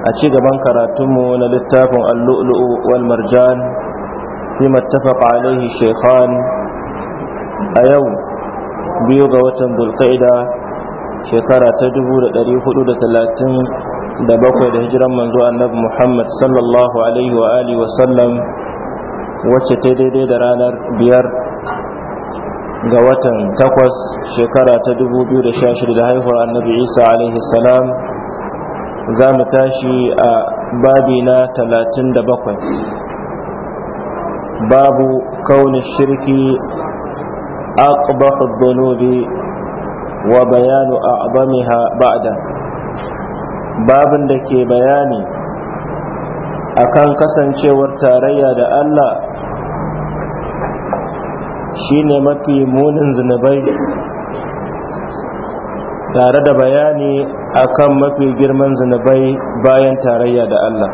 a ci gaban karatunmu na littafin allu'lu'u wal marjan fi mattafaqa alaihi shaykhan a yau biyu ga watan dulqaida shekara ta 1437 da bakwai da hijiran manzo annabi Muhammad sallallahu alaihi wa alihi wa sallam wacce ta daidai da ranar biyar ga watan takwas shekara ta 2016 da haihuwar annabi Isa alaihi salam za mu tashi a babi na talatin da bakwai babu kaunin shirki a أقبح الذنوب وبيان Bada. Babin da ke bayani a kan kasancewar tarayya da Allah Shi ne mafi munin zunubai tare da bayani akan mafi girman zunubai bayan tarayya da Allah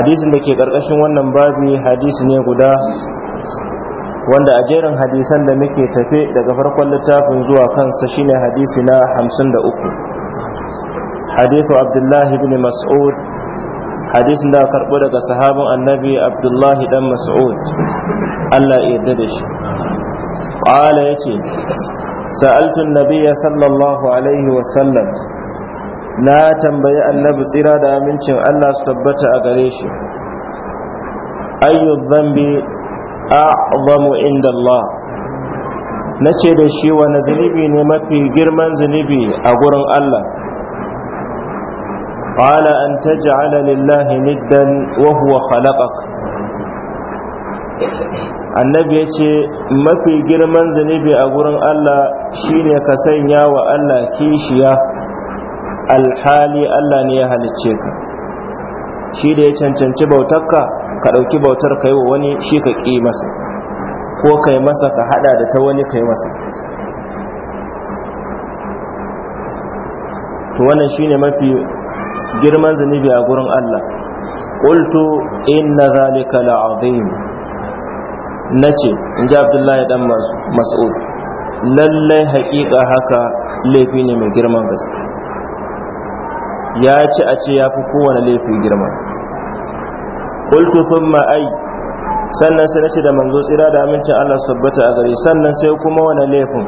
hadisin da ke ƙarƙashin wannan babi hadisi ne guda wanda a jerin hadisan da muke tafe daga farkon littafin zuwa kansa shine hadisi na 53 hadithu abdullahi bin mas'ud hadisin da karɓo daga sahabin annabi abdullahi dan mas'ud Allah ya yarda da shi ƙwala ya ce Sa'altun النبي صلى الله عليه وسلم na tambayi annabi tsira da amincin Allah su tabbata a gare shi ayyu dhanbi a'zamu inda Allah nace da shi wani zunubi ne mafi girman zunubi a gurin Allah qala an taj'ala lillahi niddan wa huwa khalaqaka annabi ya ce mafi girman zunubi a gurin Allah shine ka sanya wa Allah kishiya alhali Allah ne ya halicce ka shi da ya cancanci bautarka ka ɗauki bautar ka yi wa wani shi ka ƙi masa ko ka yi masa ka haɗa da ta wani ka yi masa to wannan shi ne mafi girman zunubi a gurin Allah qultu inna zalika la'azim na ce in ji abdullahi dan mas'ud lallai haƙiƙa haka laifi ne mai girman gaske ya ci a ce ya fi kowane laifi girma ƙultu thumma ai sannan sai na ce da manzo tsira da amincin Allah su tabbata a gare sannan sai kuma wani laifin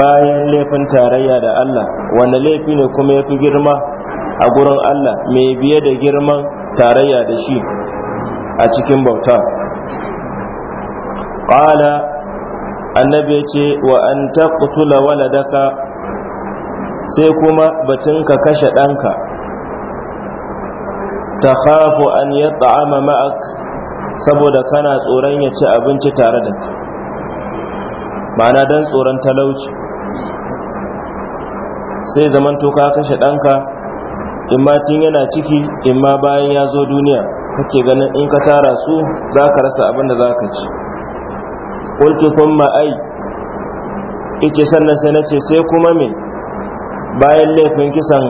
bayan laifin tarayya da Allah wane laifi ne kuma ya fi girma a gurin Allah mai biye da girman tarayya da shi a cikin bauta qala annabi ya ce wa an taqtula waladaka sai kuma batun ka kashe ɗanka ta khafu an ya ta'ama ma'ak saboda kana tsoron ya ci abinci tare da ka ma'ana don tsoron talauci sai zamanto ka kashe ɗanka ma tun yana ciki in ma bayan ya zo duniya kake ganin in ka tara su za ka rasa abin da za ka ci qultu thumma ai. Ice sannan sai nace sai kuma me bayan laifin kisan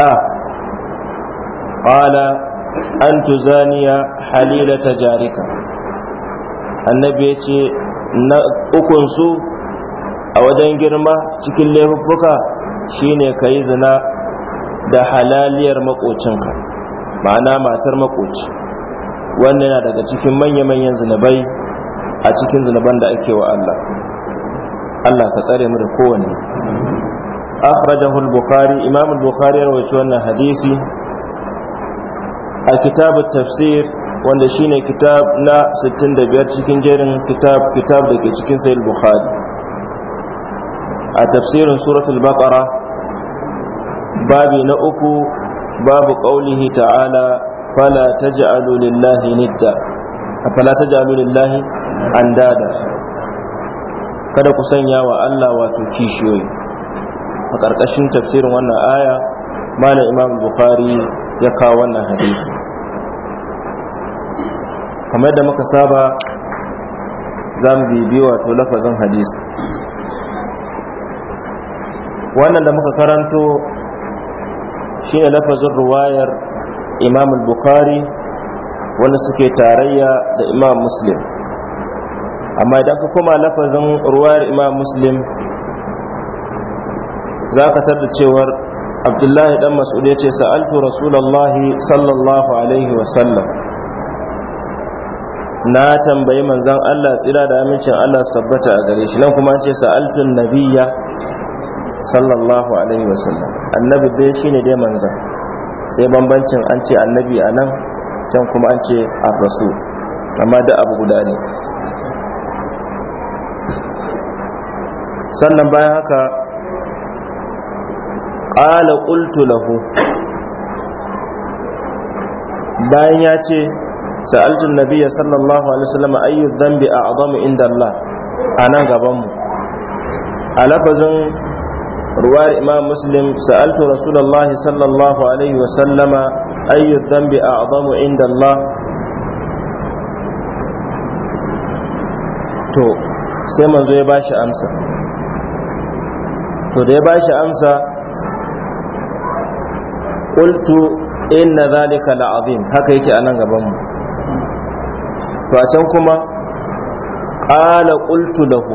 da qala an tuzaniya halilata jarika annabi yace na ukun su a wajen girma cikin laifuffuka shine kayi zina da halaliyar makocinka ma'ana matar makoci wannan yana daga cikin manya-manyan zinabai a cikin zunuban da ake wa Allah Allah ka tsare mu da kowanne akhrajahu al-bukhari imam al-bukhari ya rawaito wannan hadisi a kitab tafsir wanda shine kitab na 65 cikin jerin kitab kitab da ke cikin sahih bukhari a tafsirin surat al baqara babi na uku babu qaulihi ta'ala fala taj'alu lillahi nidda fala taj'alu lillahi an dada kada ku sanya wa Allah wato kishiyoyi a ƙarƙashin tafsirin wannan aya mana imam bukhari ya kawo wannan hadisi kamar da muka saba za bibi wato lafazin hadisi wannan da muka karanto shi ne lafazin ruwayar imam bukhari wanda suke tarayya da imam muslim amma idan ka koma lafazin ruwayar imam muslim za ka tarda cewar abdullahi dan mas'ud ya ce sa'altu rasulallahi sallallahu alaihi wasallam na tambayi manzan allah tsira da amincin allah su tabbata a gare shi nan kuma ce sa'altu nabiya sallallahu alaihi wasallam annabi dai shine dai manzan sai bambancin an ce annabi a nan can kuma an ce ar-rasul amma da abu guda ne sannan bayan haka ƙala ƙultu lahu bayan ya ce sa'altun nabiya sallallahu alaihi wasallam ayyu dhanbi a'zamu inda Allah a nan gaban mu a lafazin ruwar imam muslim sa'altu rasulullah sallallahu alaihi wasallama ayyu dhanbi a'zamu inda Allah to sai manzo ya bashi amsa to da ya shi amsa ƙultu inna zalika la'azim haka yake a nan gabanmu, to a can kuma qala qultu lahu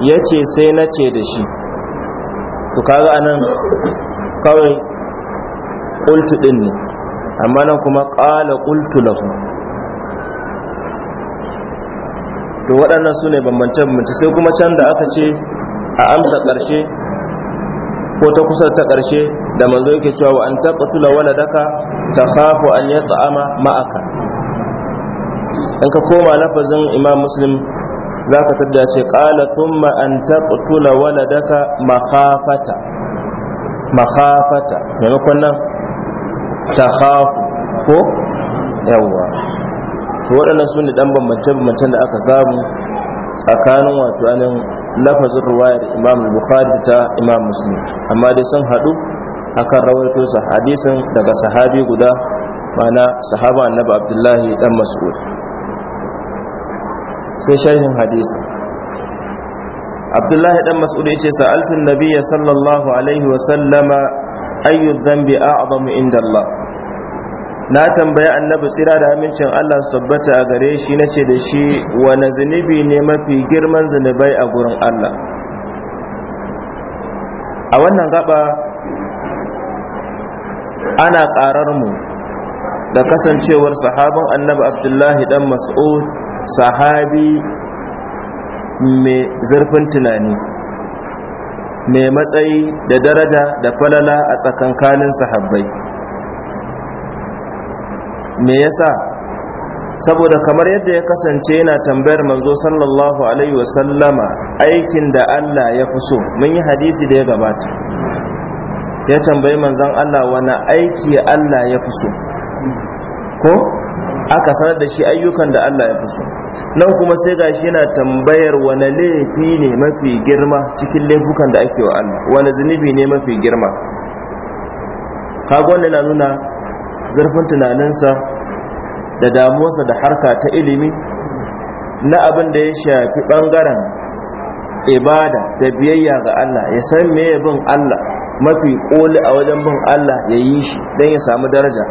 yace sai na ce da shi to kaga nan kawai ƙultu ɗin ne amma nan kuma qala qultu lahu to waɗannan su ne bambance bambance sai kuma can da aka ce a amsa ƙarshe ko ta kusa ta ƙarshe da manzo yake cewa wa an taqtula waladaka takhafu an yat'ama ma'aka in ka koma lafazin imam muslim za ka tada ce qala thumma an taqtula waladaka makhafata makhafata maimakon nan takhafu ko yawa, to waɗannan su ne ɗan bambance-bambancen da aka samu tsakanin wato anan. lafazin ruwayar imam bukhari ta imam muslim amma dai sun haɗu akan rawaito sa hadisin daga sahabi guda mana sahaba annabi abdullahi dan mas'ud sai sharhin hadisin abdullahi dan mas'ud yace sa'altu an-nabiyya sallallahu alaihi wa sallama ayyu dhanbi a'zamu inda Allah na tambaya annabi tsira da amincin Allah su tabbata a gare shi na ce da shi wane zunubi ne mafi girman zunubai a gurin Allah a wannan gaba ana ƙarar mu da kasancewar sahabin annabi abdullahi dan mas'ud sahabi mai zurfin tunani mai matsayi da daraja da falala a tsakankanin sahabbai me yasa saboda kamar yadda ya kasance yana tambayar manzo sallallahu alaihi wasallama aikin da Allah ya fi so mun yi hadisi da ya gabata ya tambayi manzon Allah wani aiki Allah ya fi so ko aka sanar da shi ayyukan da Allah ya fi so nan kuma sai gashi yana tambayar wani laifi ne mafi girma cikin laifukan da ake wa Allah wani zunubi ne mafi girma kaga wannan na nuna zurfin tunaninsa da damuwarsa da harka ta ilimi na abin da ya shafi ɓangaren ibada da biyayya ga Allah ya san ya bin Allah mafi koli a wajen bin Allah ya yi shi don ya samu daraja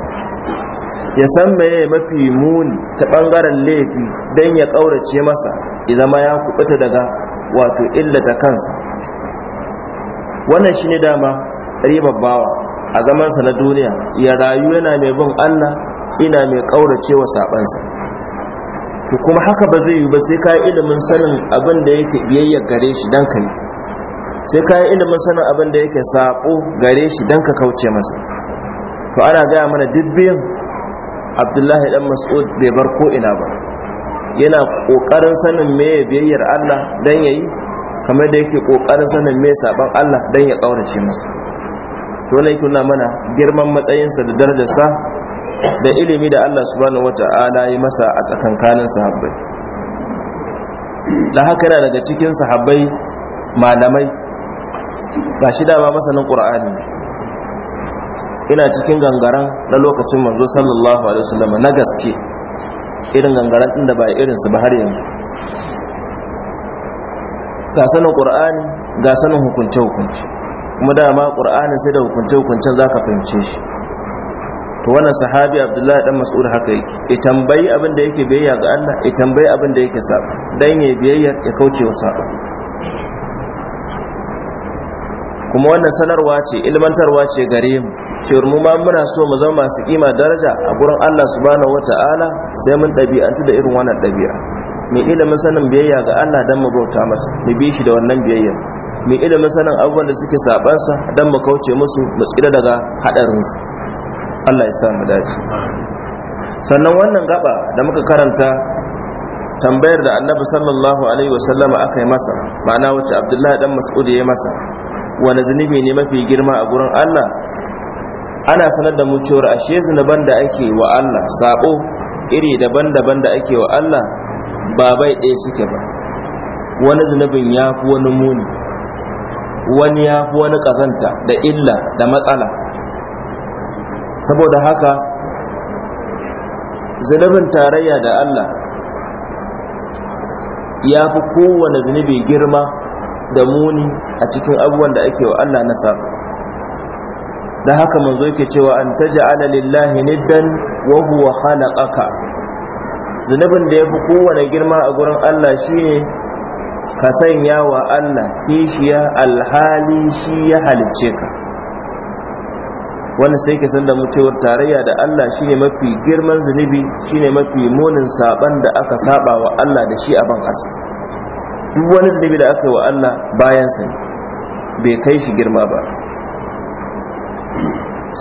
ya san meye mafi muni ta ɓangaren laifi don ya ƙaurace masa zama ya kubuta daga wato illata kansa wannan shi ne dama ribar bawa a zamansa na duniya ya rayu yana mai bin Allah ina mai kauracewa sabansa to kuma haka ba zai yi ba sai kai ilimin sanin abin da yake biyayya gare shi dan kai sai kai ilimin sanin abin da yake sabo gare shi dan ka kauce masa to ana gaya mana dibbin Abdullahi dan Mas'ud bai bar ko ina ba yana kokarin sanin me biyayyar Allah dan yayi kamar da yake kokarin sanin me saban Allah dan ya kaurace masa to yake kuna mana girman matsayinsa da darajarsa da ilimi da Allah subhanahu wata'ala ya masa a tsakankanin sahabbai da haka yana daga cikin sahabbai malamai ba shi ba masanin qur'ani ina cikin gangaran na lokacin manzo sallallahu alaihi wasallam na gaske irin gangaran din da ba irin su ba har yanzu ga sanin qur'ani ga sanin hukunce hukunce kuma dama ƙur'anin sai da hukunce-hukuncen za ka fahimce shi to wannan sahabi abdullahi dan mas'ud haka yake ya tambayi abin da yake biyayya ga Allah ya tambayi abin da yake saba dan ya biyayya ya kauce wa saba kuma wannan sanarwa ce ilmantarwa ce gare mu cewar mu ma muna so mu zama masu kima daraja a gurin Allah subhanahu wataala sai mun ɗabi'antu da irin wannan ɗabi'a mai ilimin sanin biyayya ga Allah dan mu bauta masa mu bi shi da wannan biyayya mai ilimin masanin abubuwan da suke sabansa don mu kauce musu mu daga haɗarinsu Allah ya sa mu dace sannan wannan gaba da muka karanta tambayar da annabi sallallahu alaihi wasallam aka yi masa ma'ana wacce abdullahi dan mas'ud ya masa wani zunubi ne mafi girma a gurin Allah ana sanar da mu cewar ashe zunuban da ake wa Allah sabo iri daban-daban da ake wa Allah ba bai ɗaya suke ba wani zunubin ya fi wani muni wani ya fi wani kazanta da illa da matsala saboda haka zunubin tarayya da Allah ya fi kowane zunubi girma da muni a cikin abubuwan da ake wa Allah na da haka manzo yake cewa an taj'ala lillahi niddan wa huwa khalaqaka zunubin da ya fi kowane girma a gurin Allah shine ka sanya wa Allah kishiya alhali shi ya halicce ka wanda sai ke san da mutuwar tarayya da Allah shine mafi girman zunubi shine mafi munin saban da aka saba wa Allah da shi a ban duk wani zunubi da aka yi wa Allah bayan sa bai kai shi girma ba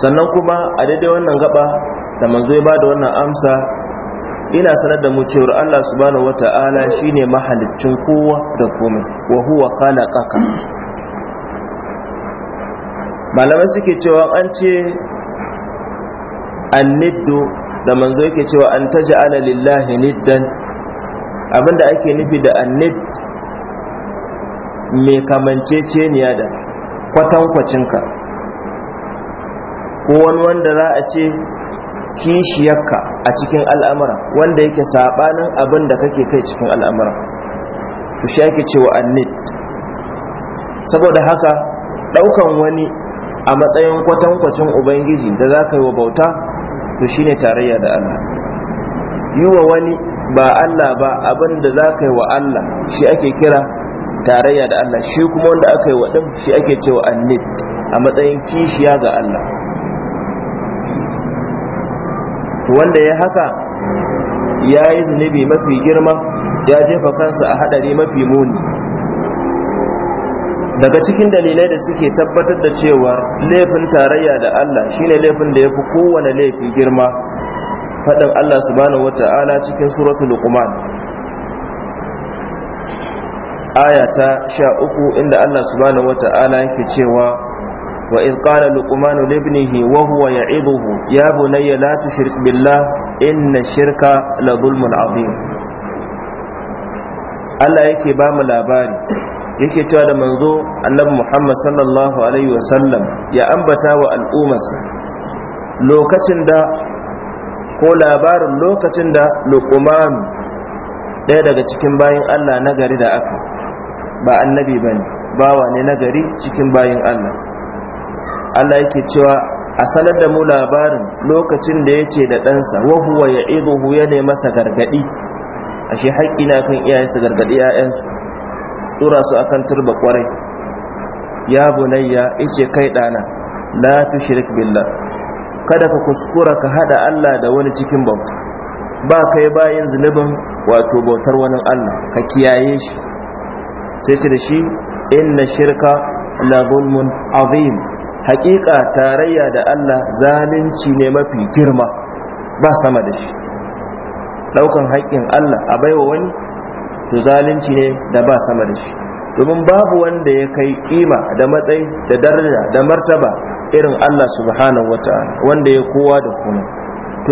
sannan kuma a daidai wannan gaba da manzo ya da wannan amsa ina sanar da mu cewar Allah subhanahu wata'ala shine mahaliccin kowa da komai wa huwa khalaqaka malamai suke cewa an ce an niddo da manzo yake cewa an taj'ala lillahi niddan abinda ake nufi da an annid mai kamanceceniya da kwatankwacinka ko wani wanda za a ce kishiyarka a cikin al'amura wanda yake sabanin abin da kake kai cikin al'amura ku shi yake cewa annid saboda haka ɗaukan wani a matsayin kwatankwacin ubangiji da za ka yi wa bauta to ne tarayya da Allah yi wa wani ba Allah ba abin da za ka yi wa Allah shi ake kira tarayya da Allah shi kuma wanda aka yi wa ɗin shi ake cewa annid a matsayin kishiya ga Allah wanda ya haka ya yi zunubi mafi girma ya jefa kansa a hadari mafi muni daga cikin dalilai da suke tabbatar da cewa laifin tarayya da Allah shine laifin da ya fi kowane laifi girma faɗin Allah subhanahu wata'ala cikin suratul luqman aya ta sha uku inda Allah subhanahu wata'ala yake cewa وإذ قال لقمان لابنه وهو يعظه يا بني لا تشرك بالله إن الشرك لظلم عظيم Allah yake ba mu labari yake cewa da manzo annabi Muhammad sallallahu alaihi wasallam ya ambata wa al'ummarsa lokacin da ko labarin lokacin da Luqman ɗaya daga cikin bayin Allah nagari da aka ba annabi bane ba ne nagari cikin bayin Allah Allah yake cewa a sanar da mu labarin lokacin da ya ce da ɗansa wa huwa ya ya ne masa gargaɗi a shi haƙƙi na kan sa gargaɗi ‘ya'yansu tura su akan turba ƙwarai ya bunayya ice kai ɗana la tu shirik billah kada ka kuskura ka haɗa Allah da wani cikin bauta ba kai bayin zunubin wato bautar wani Allah ka kiyaye shi sai ce da shi inna shirka la zulmun azim haƙiƙa tarayya da Allah zalunci ne mafi girma ba sama da shi ɗaukan haƙƙin Allah a baiwa wani to zalunci ne da ba sama da shi domin babu wanda ya kai kima da matsayi da daraja da martaba irin Allah subhanahu wata'ala wanda ya kowa da kuma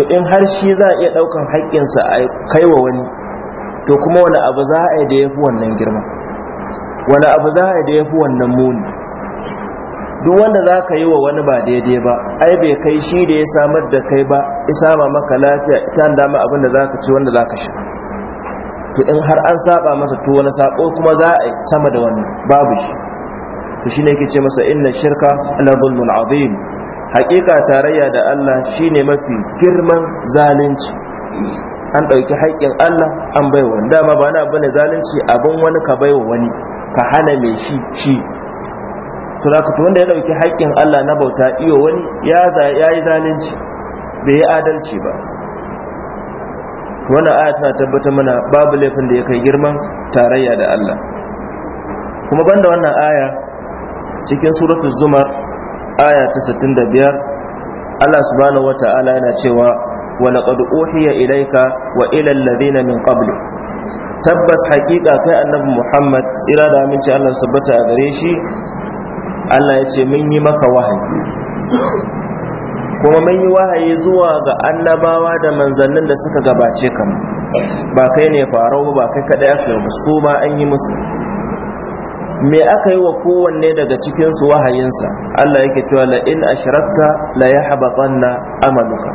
to in har shi za a iya ɗaukan haƙƙinsa a kaiwa wani to kuma wani abu za a yi da ya fi wannan girma wani abu za a yi da ya fi wannan muni duk wanda za ka yi wa wani ba daidai ba ai bai kai shi da ya samar da kai ba isa sama maka lafiya ita dama abin da za ka ci wanda za ka shi to in har an saba masa to wani sako kuma za a yi sama da wani babu shi to shine yake ce masa inna shirka la zulmun azim haƙiƙa tarayya da Allah shine mafi girman zalunci an ɗauki haƙƙin Allah an bai baiwa dama ba na bane zalunci abin wani ka baiwa wani ka hana mai shi shi to da wanda ya ɗauki haƙƙin Allah na bauta iyo wani ya yi zalunci bai yi adalci ba wannan aya tana tabbatar mana babu laifin da ya kai girman tarayya da Allah kuma banda wannan aya cikin suratul zumar aya ta 65 Allah subhanahu wata'ala yana cewa wa laqad uhiya ilayka wa ila alladhina min qablik tabbas hakika kai annabi Muhammad tsira da aminci Allah tabbata a gare shi Allah ya ce mun yi maka wahayi kuma mun yi wahayi zuwa ga annabawa da manzannin da suka gabace ka ba kai ne farau ba kai kaɗai aka yi su ma an yi musu me aka yi wa kowanne daga cikinsu wahayinsa Allah yake cewa la in ashrakta la yahbatanna amaluka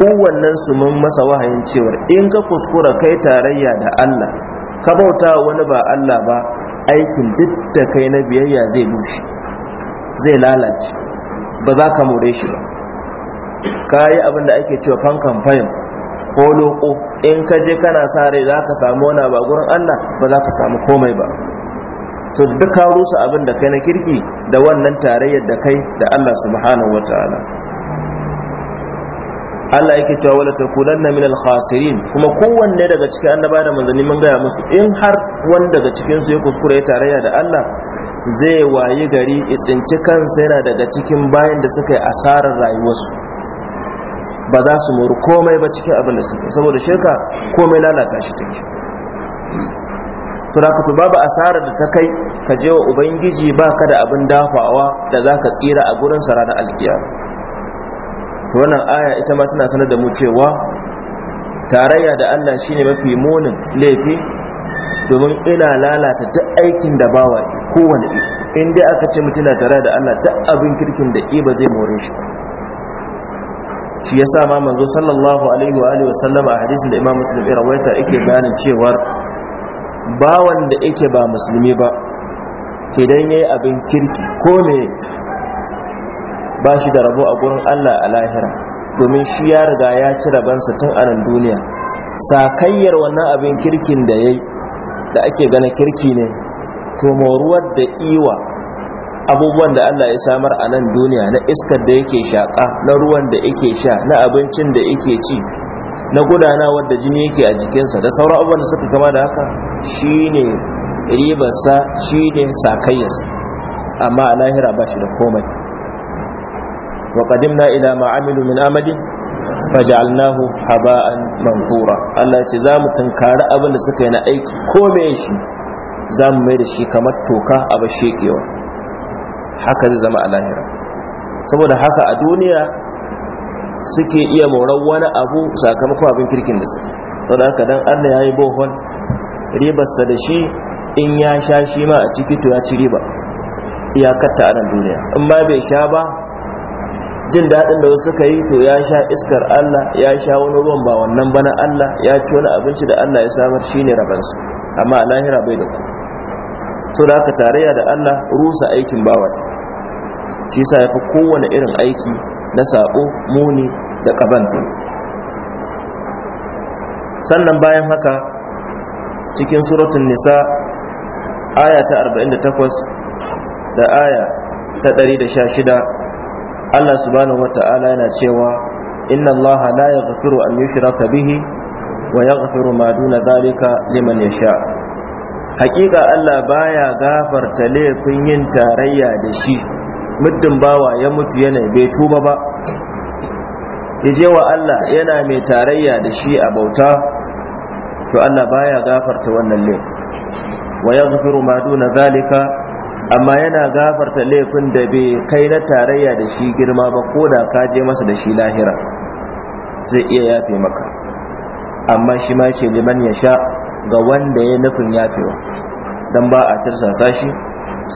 kowannen su mun masa wahayin cewa in ka kuskura kai tarayya da Allah ka bauta wani ba Allah ba aikin duk da kai na biyayya zai bushe zai lalace ba za ka more shi ba ka yi abin da ake cewa fankan fahim ko loko in ka je kana sa rai za ka samu wani ba gurin allah ba za ka samu komai ba to duk ka rusa abin da kai na kirki da wannan tarayyar da kai da allah subhanahu wa ta'ala Allah yake cewa wala min al khasirin kuma kowanne daga cikin annaba da manzanni mun gaya musu in har wanda daga cikin su ya kuskure ya tarayya da Allah zai wayi gari itsinci kansa yana daga cikin bayan da suka yi asarar rayuwarsu ba za su mori komai ba cikin abin da suke, saboda shirka komai lalata shi take turakatu babu asarar da ta kai ka je wa ubangiji ba ka da abin dafawa da za ka tsira a gurin sa ranar wannan aya ita ma tana sanar da mu cewa tarayya da allah shine mafi munin laifi domin ina lalata duk aikin da bawa kowane ɗi, in dai aka ce mutum na tare da Allah ta abin kirkin da ba zai more shi shi ya sa ma manzo sallallahu alaihi wa alihi wasallama a hadisin da imam muslim rawaita yake bayanin cewar bawan da yake ba musulmi ba idan yayi abin kirki ko me ba shi da rabo a gurin Allah a lahira domin shi ya riga ya ci rabansa tun a nan duniya sakayyar wannan abin kirkin da yayi da ake gana kirki ne to moruwar da iwa abubuwan da Allah ya samar a nan duniya na iskar da yake shaƙa na ruwan da yake sha na abincin da yake ci na gudanawa da jini yake a jikinsa da sauran abubuwan da suka kama da haka shine ribarsa shine sakayyarsa amma a lahira ba shi da komai wa na ila ma amilu min amali faj'alnahu haba'an manthura Allah ce za mu tunkari abin da suka yi na aiki ko me shi za mu mai da shi kamar toka a bashe kewa haka zai zama a lahira saboda haka a duniya suke iya moran wani abu sakamakon abin kirkin da suke saboda haka dan allah ya yi bohon ribarsa da shi in ya sha shi ma a ciki to ya ci riba katta a anan duniya in ma bai sha ba jin daɗin da wasu yi to ya sha iskar Allah ya sha wani ruwan ba wannan bana Allah ya ci wani abinci da Allah ya samar shi ne rabarsa, amma a lahira bai da ku sau da aka tarayya da Allah rusa aikin bawa ta shi sa ya fi kowane irin aiki na saƙo muni da ƙazanta sannan bayan haka cikin suratun nisa aya ta 48 da aya ta 116 Allah subhanahu wata'ala yana cewa inna Allah la yaghfiru an yushraka bihi wa yaghfiru ma duna zalika liman sha. hakika Allah baya gafarta laifin yin tarayya da shi muddin bawa ya mutu yana bai tuba ba yaje wa Allah yana mai tarayya da shi a bauta to Allah baya gafarta wannan laifin wa yaghfiru ma duna zalika amma yana gafarta laifin da bai kai na tarayya da shi girma ba ko da ka je masa da shi lahira zai iya yafe maka amma shi ma ce liman ya sha ga wanda ya nufin fiwa don ba a tirsasa shi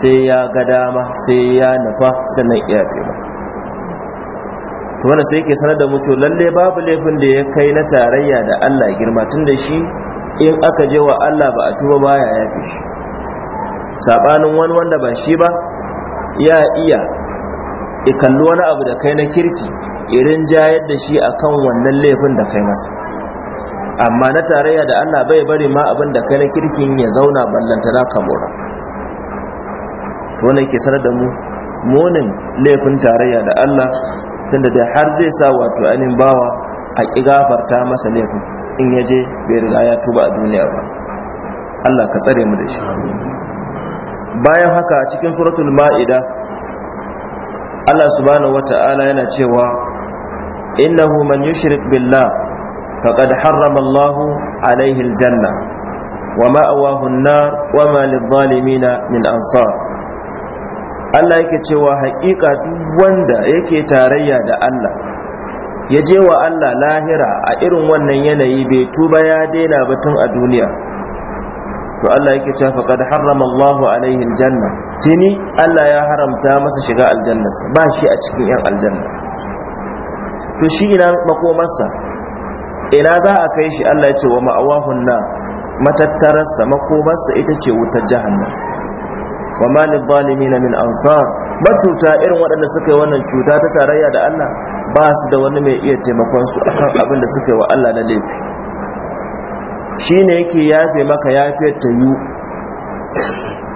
sai ya ga dama sai ya nufa sannan yafewa to wanda sai ke sanar da mutu lallai lalle babu laifin da ya kai na tarayya da Allah girma tun da shi in aka je wa Allah ba a tuba baya yafi shi sabanin wani wanda ba shi ba ya iya ikalli wani abu da kai na kirki irin jayar da shi akan wannan laifin da kai masa amma na tarayya da Allah bai bari ma abin da kai na kirkin ya zauna ballantana ka mura wannan ke sanar da mu munin laifin tarayya da Allah tunda da har zai sa wato anin bawa a ki gafarta masa laifin in ya je bai riga ya tuba a duniya ba Allah ka tsare mu da shi bayan haka a cikin suratul ma'ida Allah subhanahu wata'ala yana cewa innahu man yushrik billah faqad harrama Allah alaihi aljanna wa ma'awahu an-nar wa ma min ansar Allah yake cewa haƙiƙa duk wanda yake tarayya da Allah ya je wa Allah lahira a irin wannan yanayi bai tuba ya daina batun a duniya to Allah yake cewa faqad harrama Allahu alaihi aljanna jini Allah ya haramta masa shiga aljanna ba shi a cikin yan aljanna to shi ina makomarsa ina za a kai shi Allah ya ce wa ma'awahun na matattararsa makomarsa ita ce wutar jahannam wa ma na min ansar macuta irin waɗanda suka yi wannan cuta ta tarayya da Allah ba su da wani mai iya taimakon su akan abin da suka yi wa Allah na laifi Shi ne yake yafe maka yafe ta yu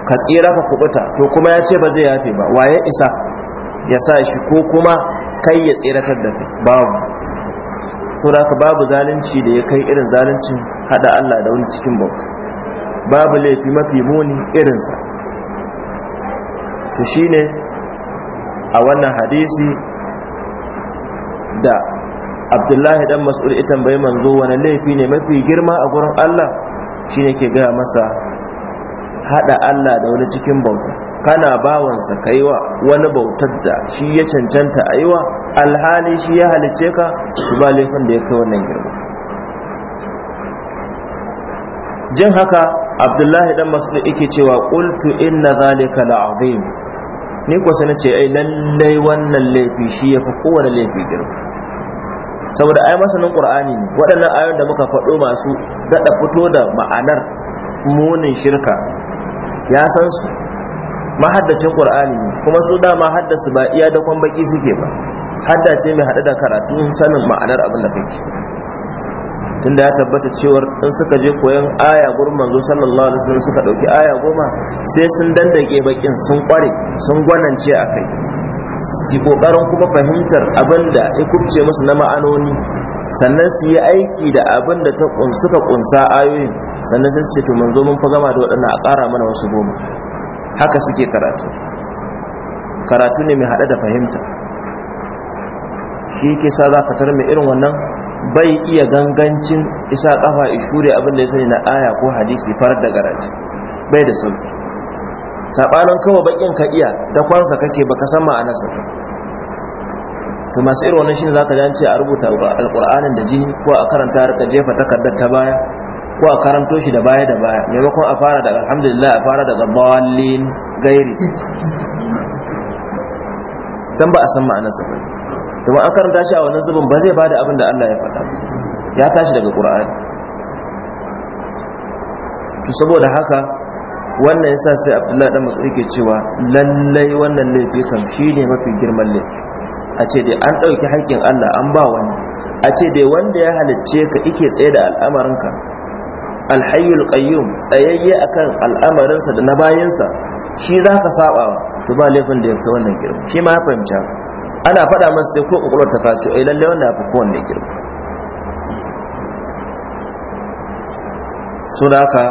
ka tsira ka kubuta to kuma ya ce ba zai yafe ba waye isa ya sa shi ko kuma kai ya tsiratar da kai babu saboda ka babu zalunci da ya kai irin zaluncin hada Allah da wani cikin bauta babu laifi mafi muni irinsa to shine a wannan hadisi da abdullahi dan mas'ud ita bai manzo wani laifi ne mafi girma a gurin Allah shine ke gaya masa hada Allah da wani cikin bauta kana bawansa ka wani bautar da shi ya cancanta a alhali shi ya halice ka su ba laifin da ya kai wannan girma jin haka abdullahi dan masu yake cewa qultu inna zalika la'azim ni kwasa na ce ai lallai wannan laifi shi ya fi kowane laifi girma saboda ai masanin qur'ani ne waɗannan ayon da muka faɗo masu daɗa fito da ma'anar munin shirka ya san su mahaddacin qur'ani kuma su dama mahaddasu ba iya da kwan baki suke ba haddace mai hada da karatu sanin ma'anar abin da kake tunda ya tabbata cewa in suka je koyan aya gurin manzo sallallahu alaihi wasallam suka dauki aya goma sai sun dandake bakin sun kware sun gwanance akai su kokarin kuma fahimtar abin da ya kubce musu na ma'anoni sannan su yi aiki da abin da suka kunsa ayoyin sannan sai su ce to mun zo mun fa gama da waɗannan a ƙara mana wasu goma haka suke karatu karatu ne mai haɗa da fahimta shi ke sa za ka tarme irin wannan bai iya gangancin isa ƙafa ishure abin da ya sani na aya ko hadisi farar da garaji bai da sauki saɓanin kawai baƙin ka iya ta kwansa kake baka san ma'anarsa to masu irin wannan shine zaka za ka a rubuta alqur'anin da jini ko a karanta rika jefa takardar ta baya ko a karanto shi da baya da baya maimakon a fara daga alhamdulillah a fara daga ballin gairi dan ba a san ma'anar sa ba an karanta shi a wannan zubin ba zai bada abin da Allah ya faɗa ya tashi daga Qur'ani to saboda haka wannan yasa sai Abdullahi dan matsayi ke cewa lallai wannan laifi shi shine mafi girman laifi a ce dai an ɗauki haƙƙin Allah an ba wani a ce dai wanda ya halicce ka ike tsaye da al'amarinka alhayyul qayyum tsayayye akan al'amarinsa da na bayansa shi za ka sabawa to ba laifin da ya kai wannan girma shi ma ya fahimta ana faɗa masa sai ko kokolwar ta fato ai eh, lalle wannan fi kowanne girma so da haka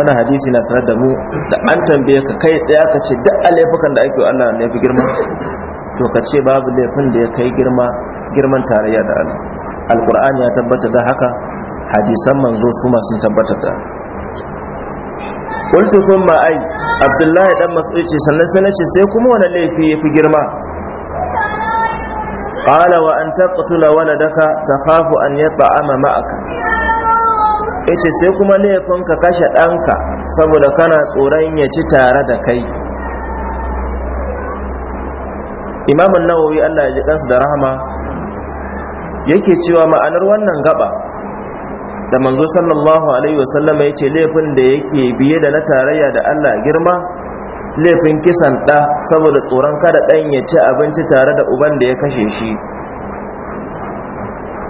wannan hadisi na sanar da mu da an tambaye ka kai tsaya ka ce duk alaifukan da ake Allah ne fi girma to ka ce babu laifin da ya kai girma girman tarayya da Allah alqur'ani ya tabbata da haka hadisan manzo su ma sun tabbatar da sun ma ai abdullahi dan mas'ud ce sannan sai nace sai kuma wani laifi yafi girma qala wa an taqtula waladaka takhafu an yata'ama ma'aka yace sai kuma laifin ka kashe danka saboda kana tsoron ya ci tare da kai imam nawawi Allah ya ji kansa da rahama yake cewa ma'anar wannan gaba da manzo sallallahu alaihi wasallama ya ce laifin da yake biye da na tarayya da Allah girma laifin kisan da saboda tsoron kada ɗan ya ci abinci tare da uban da ya kashe shi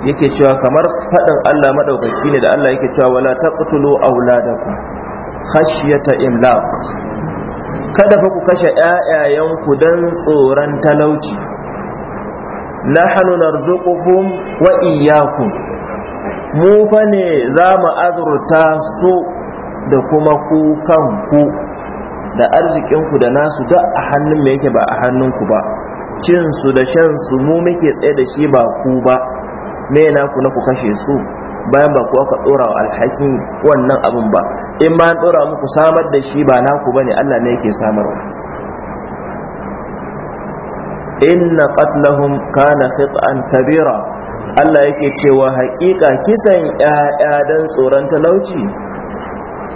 yake cewa kamar faɗin Allah madaukaki ne da Allah yake cewa wala taqtulu auladakum khashyata imlaq kada fa ku kashe ƴaƴayenku dan tsoron talauci nahnu narzuquhum wa iyyakum mu fa ne za mu azurta su da kuma ku kanku da arzikinku da nasu da a hannun mai yake ba a hannunku ba cin su da shan su mu muke tsaye da shi ba ku ba me na ku na ku kashe su bayan ba ku ka dora wa alhakin wannan abun ba in ma dora muku samar da shi ba naku bane Allah ne yake samarwa inna qatlahum kana khit'an kabira Allah yake cewa haƙiƙa kisan ƴaƴa dan tsoron talauci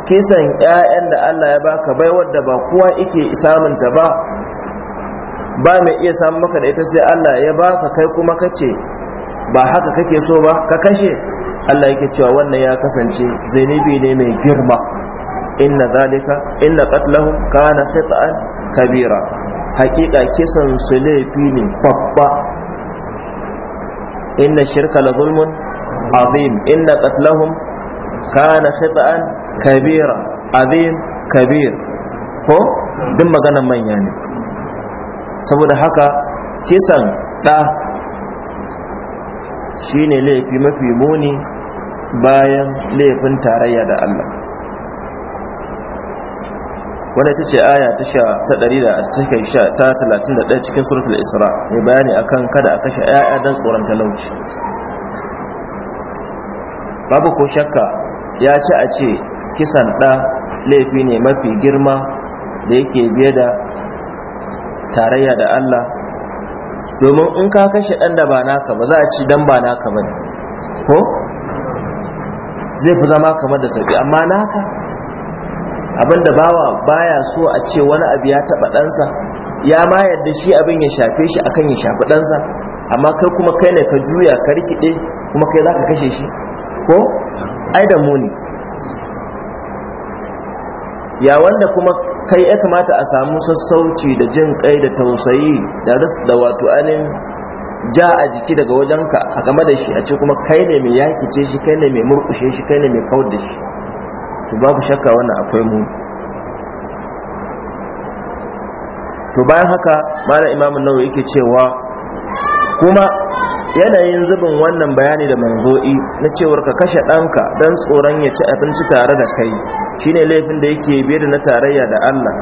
kisan ƴaƴan da Allah ya baka bai wadda ba kowa yake samun ta ba ba mai iya samun maka da ita sai Allah ya baka kai kuma kace ba haka kake so ba ka kashe Allah yake cewa wannan ya kasance zainabi ne mai girma inna zalika inna qatlahum kana khata'an kabira haƙiƙa kisan su ne babba inna shirkala la zulmun inna qatlahum kana khita'an kabira azim kabir ko duk maganan manya ne saboda haka kisan ɗa shine laifi mafi muni bayan laifin tarayya da Allah wanda ta ce aya ta sha ta ɗari da cikin sha ta talatin da ɗaya cikin suratul isra mai bayani akan kada a kashe ‘ya'ya don tsoron talauci babu ko shakka ya ci a ce kisan ɗa laifi ne mafi girma da yake biye da tarayya da Allah domin in ka kashe ɗan da ba naka ba za a ci dan ba naka ba ko zai fi zama kamar da sauƙi amma naka abinda bawa baya so a ce wani abu ya taɓa ɗansa ya ma yadda shi abin ya shafe shi akan ya shafi ɗansa amma kai kuma kai ne ka juya ka rikide kuma kai za ka kashe shi ko ai da muni ya wanda kuma kai ya kamata a samu sassauci da jin kai da tausayi da ras da wato anin ja a jiki daga wajenka a game da shi a ce kuma kai ne mai yakice shi kai ne mai murkushe shi kai ne mai kawar da shi to babu shakka wannan akwai mu to bayan haka malam imamun nawa yake cewa kuma yanayin zubin wannan bayani da manzo'i na cewar ka kashe ɗanka don tsoron ya ci abinci tare da kai shine laifin da yake biye da na tarayya da Allah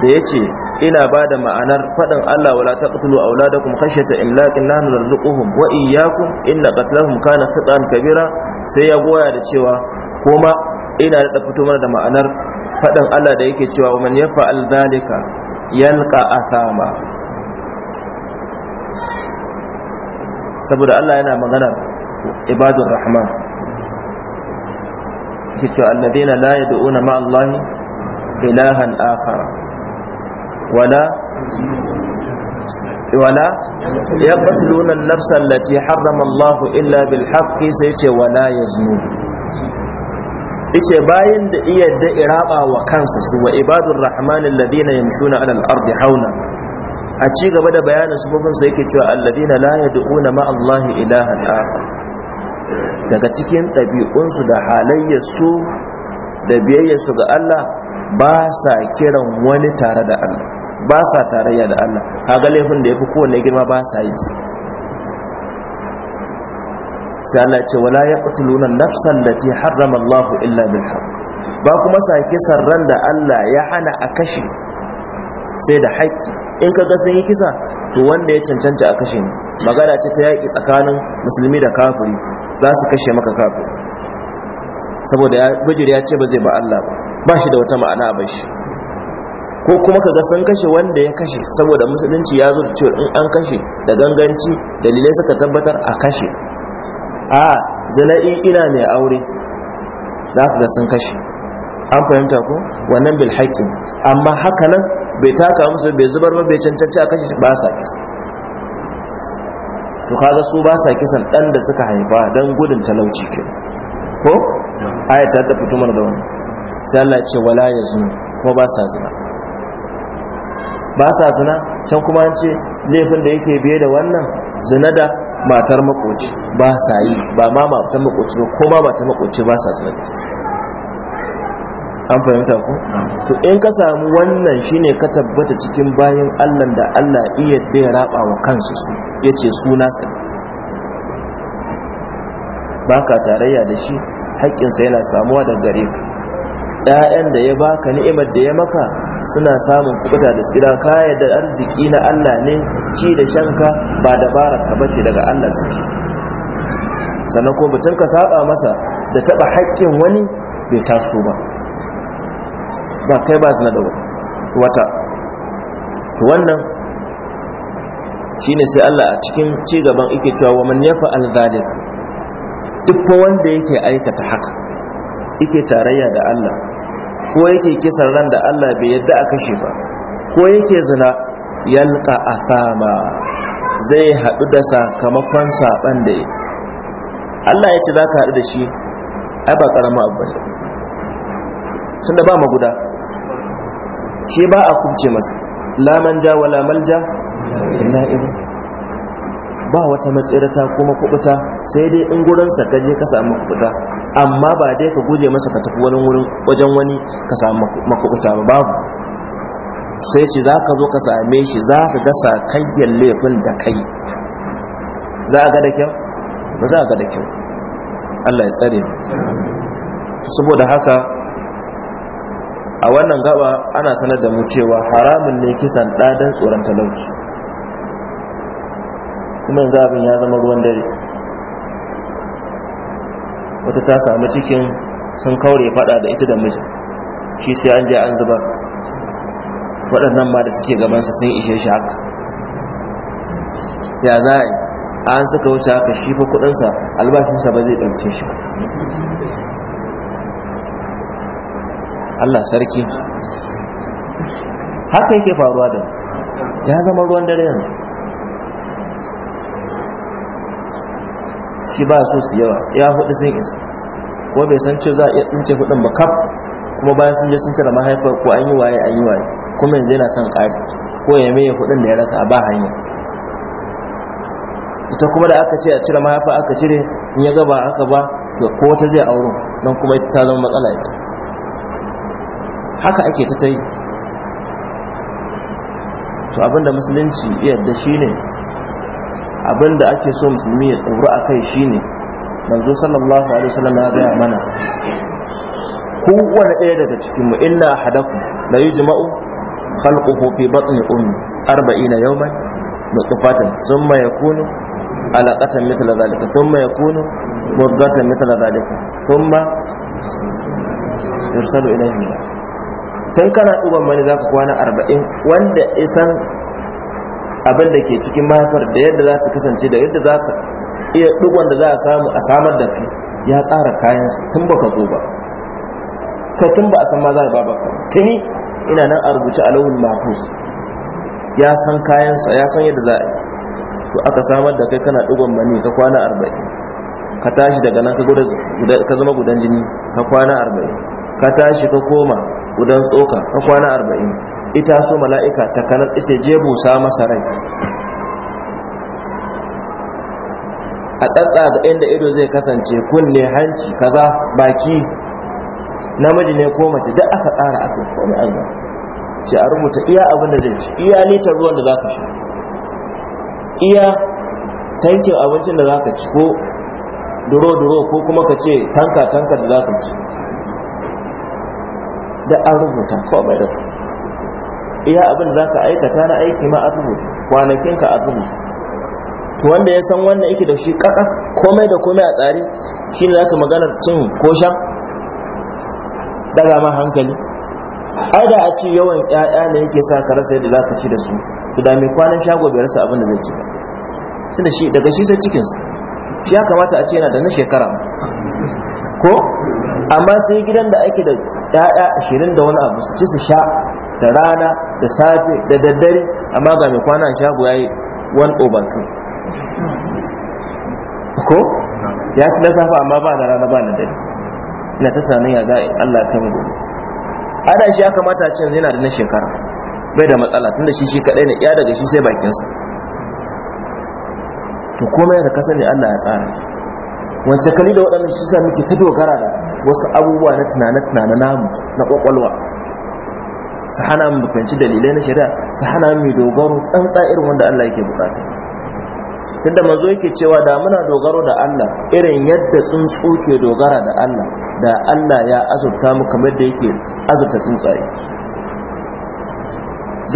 da ya ce ina ba da ma'anar faɗin Allah wala ta taqtulu auladakum khashyata imlaqin nahnu narzuquhum wa iyyakum inna qatlahum kana khata'an kabira sai ya goya da cewa kuma ina da fito mana da ma'anar faɗin Allah da yake cewa wa man yafa'al zalika yalqa asama saboda Allah yana magana ibadur rahman yake cewa alladheena la yad'una ma'a Allah ilahan akhar wala wala yaqtuluna an-nafsa allati harrama Allah illa bil haqqi sai ce wala yaznun ice bayan da iya da iraba wa kansa su wa ibadur rahmanin ladina yamshuna alal ardi hauna a ci gaba da bayanin su babban sai yake cewa alladina la yad'una ma Allah ilahan akhar daga cikin ɗabi'unsu da su da biyayyar su ga Allah ba sa kiran wani tare da Allah ba sa tarayya da Allah kaga laifin da yafi kowanne girma ba sa yi sai Allah ce wala yaqtuluna nafsan lati harrama Allah illa bil haqq ba kuma sake sarran da Allah ya hana a kashe sai da haƙƙi in kaga sun yi kisa to wanda ya cancanta a kashe ne magana ce ta yaƙi tsakanin musulmi da kafiri za su kashe maka kafiri saboda bijir ya ce ba zai ba Allah ba ba shi da wata ma'ana ba shi ko kuma kaga sun kashe wanda ya kashe saboda musulunci ya zo da cewa in an kashe da ganganci dalilai suka tabbatar a kashe a zina'i ina mai aure za ka ga sun kashe an fahimta ko wannan bil haƙƙi amma haka nan bai taka musu bai zubar ba bai cancanci a kashe shi ba sa kisa to kaga su ba sa kisan dan da suka haifa dan gudun talauci ke ko aya ta ta fito mana da wannan sai Allah ya ce wala yazun ko ba sa zina ba sa zina can kuma an ce laifin da yake biye da wannan zina da matar makoci ba sa yi ba ma matar makoci ba ko ma matar makoci ba sa sanar an fahimta ku to in ka samu wannan shine ka tabbata cikin bayan allon da Allah iya da ya raba wa kansu su yace su nasa baka tarayya da shi haƙƙinsa yana samuwa da gare ka ɗayan da ya baka ni'imar da ya maka suna samun kubuta da tsira kayan da arziki na Allah ne ci da shanka ba dabarar ka bace daga Allah suke sannan ko mutum ka saba masa da taba haƙƙin wani bai taso ba ba kai ba su na da wata wannan shi ne sai Allah a cikin cigaban ike cewa wa man yafa al-zalik duk wanda yake aikata haka ike tarayya da Allah ko yake kisan ran da Allah bai yadda a kashe ba ko yake zina yalqa asama zai haɗu da sakamakon saban da yake Allah ya ce za ka haɗu da shi ai ba ƙaramin abu ne da ba maguda shi ba a kubce masa la manja wa malja illa ibn ba wata matsirata kuma kubuta sai dai in gurinsa ka je ka samu kubuta amma ba dai ka guje masa ka tafi wani wurin wajen wani ka samu makubuta ba babu sai ce za ka zo ka same shi za ka ga sakayyar laifin da kai za a ga da kyau ba za a ga da kyau Allah ya tsare saboda haka a wannan gaba ana sanar da mu cewa haramun ne kisan ɗadan tsoron talauci kuma yanzu abin ya zama ruwan dare wata ta samu cikin sun kaure fada da ita da miji shi sai an je an zuba waɗannan ma da suke gabansa sun ishe shi haka ya za a yi an suka wuce haka shi fi kudinsa albashinsa ba zai ɗauke shi Allah sarki haka yake faruwa da ya zama ruwan dare yanzu shi ba so su yawa ya hudu sun isa ko bai san ce za a iya tsince hudun ba kaf kuma bayan sun je sun cire mahaifar ko an yi waye an yi waye kuma yanzu yana son kari ko ya mai hudun da ya rasa a ba hanya ita kuma da aka ce a cire mahaifa aka cire in ya gaba aka ba ko wata zai auren don kuma ita ta zama matsala ita haka ake ta ta yi to abinda musulunci yadda shine abin da ake so musulmi ya tsoro a kai shine manzo sallallahu alaihi wasallam ya gaya mana kowane ɗaya daga cikin mu inna hadaku la yujma'u khalquhu fi batni ummi 40 yawman nutfatan thumma yakunu alaqatan mithla dhalika thumma yakunu mudghatan mithla dhalika thumma yursalu ilayhi tun kana duban mani zaka kwana arba'in wanda isan abin da ke cikin mahaifar da yadda za ta kasance da yadda za ka iya dugon da za a samu a samar da kai ya tsara kayan tun ka zo ba ka tun ba a san ma za a ba baka tuni ina nan a rubuce a launin mahaifus ya san kayansa ya san yadda za a yi to aka samar da kai kana dugon mani ka kwana arba'in ka tashi daga nan ka zama gudan jini ka kwana arba'in ka tashi ka koma gudan tsoka ka kwana arba'in ita so mala'ika ta kanar ita je busa masa rai a tsatsa da inda ido zai kasance kunne hanci kaza baki namiji ne ko mace duk aka tsara aka komai a zuwa shi a rubuta iya abin da zai ci iya litar ruwan da za ka shi iya tankin abincin da za ka ci ko duro-duro ko kuma ka ce tanka-tanka da za ka ci da an rubuta komai da iya abin za ka aikata na aiki ma a kwanakin ka a rubuta to wanda ya san wannan yake da shi kaka komai da komai a tsari shi ne za ka maganar cin ko shan daga ma hankali ai da a ce yawan ƴaƴa ne yake sa ka rasa yadda za ka ci da su to da me kwanan shago bai rasa abin da zai ci ba tunda shi daga shi sai cikin shi ya kamata a ce yana da na shekara ko amma sai gidan da ake da 'ya'ya ashirin da wani abu su ci su sha da rana da safe da daddare amma ga mai kwana shago ya yi one over two ko ya ci da safa amma ba da rana ba da dare ina ta sanin ya za a Allah ta mu gobe ada shi ya kamata a ce yana da na shekara bai da matsala tunda shi shi kadai ne ya daga shi sai bakinsa to komai da ka sani Allah ya tsara wacce kali da waɗannan shi sa muke ta dogara da wasu abubuwa na tunane tunane namu na ƙwaƙwalwa. su hana mu bukanci dalilai na shari'a su hana mu dogaro tsantsa irin wanda Allah yake bukata tunda manzo yake cewa da muna dogaro da Allah irin yadda tsuntsu ke dogara da Allah da Allah ya azurta mu kamar da yake azurta tsuntsaye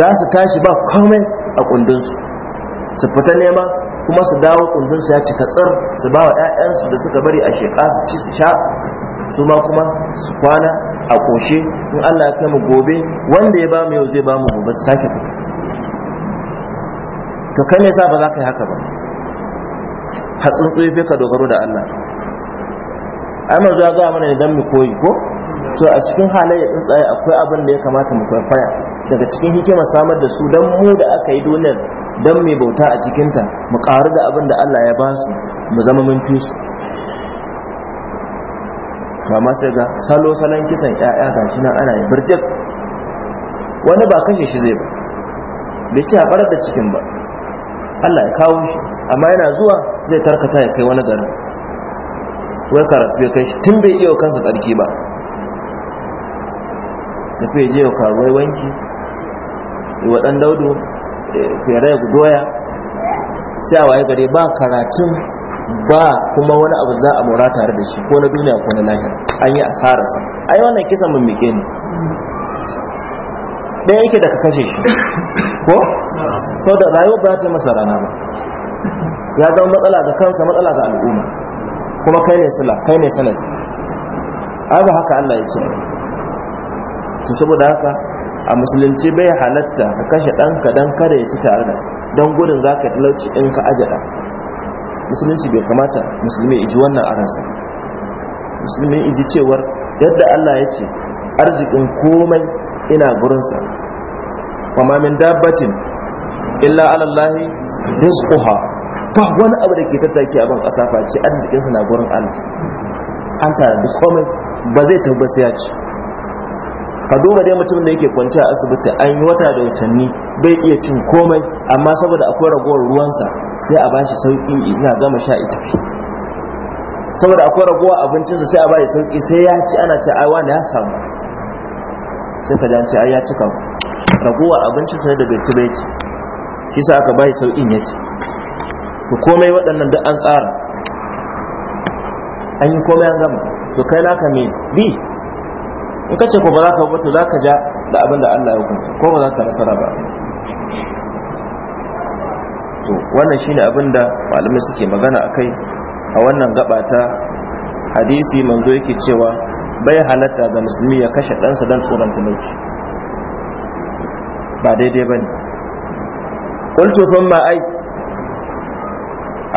za su tashi ba komai a kundin su fita nema kuma su dawo su ya cika tsar su ba wa 'ya'yansu da suka bari a sheka su ci su sha su ma kuma su kwana a koshe in Allah ya kama gobe wanda ya bamu yau zai bamu gobe sake fita to kai me yasa ba za ka yi haka ba hatsin tsoye ka dogaro da Allah ai manzo ya ga mana idan mu koyi ko to a cikin halayya tsuntsaye akwai abin da ya kamata mu kwaikwaya daga cikin hikimar samar da su dan mu da aka yi duniyar dan mai bauta a cikinta mu karu da abin da Allah ya ba su mu zama mun fi su amma sai ga salo salon kisan ƴaƴa ga shi nan ana yi birjik wani ba kashe shi zai ba bai ci haɓar da cikin ba Allah ya kawo shi amma yana zuwa zai tarkata ya kai wani garin wai karatu ya kai shi tun bai iya kansa tsarki ba Tafiya je karuwai wanki yi wa ɗan daudu fere doya sai a waye gare ba karatun ba kuma wani abu za a mora tare da shi ko na duniya ko na lahira an yi sa. ai wannan kisan mun mike ne ɗaya yake da ka kashe shi ko to da rayuwa ba ta masa rana ba ya zama matsala ga kansa matsala ga al'umma kuma kai ne sala kai ne sanadi haka haka Allah ya ce to saboda haka a musulunci bai halatta ka kashe ɗanka don kada ya ci tare da don gudun za ka talauci in ka ajaɗa musulunci bai kamata musulmi iji wannan a ransa musulmi iji cewar yadda Allah ya ce arzikin komai ina gurinsa kuma min dabbatin illa alallahi rizquha ba wani abu da ke tattaki abin kasa face arzikinsa na gurin Allah an tare da komai ba zai tabbasa ya ce. ka duba dai mutumin da yake kwanci a asibiti an yi wata da watanni bai iya cin komai amma saboda akwai ragowar ruwansa sai a bashi sauki ina gama sha ita saboda akwai ragowar abincinsa sai a bashi sauki sai ya ci ana ci ai wani ya samu sai ka dace ai ya cika ragowar abincinsa da bai ci bai ci shi sa aka bashi sauƙin ya ci to komai waɗannan duk an tsara an yi komai an gama to kai naka me bi in ka ce ko ba za ka to za ka ja da abin da Allah ya hukunta ko ba za ka nasara ba to wannan shine abin da malamai suke magana akai a wannan gaba ta hadisi manzo yake cewa bai halatta ga musulmi ya kashe ɗansa don tsoron talauci ba daidai ba ne ƙultu sun ai.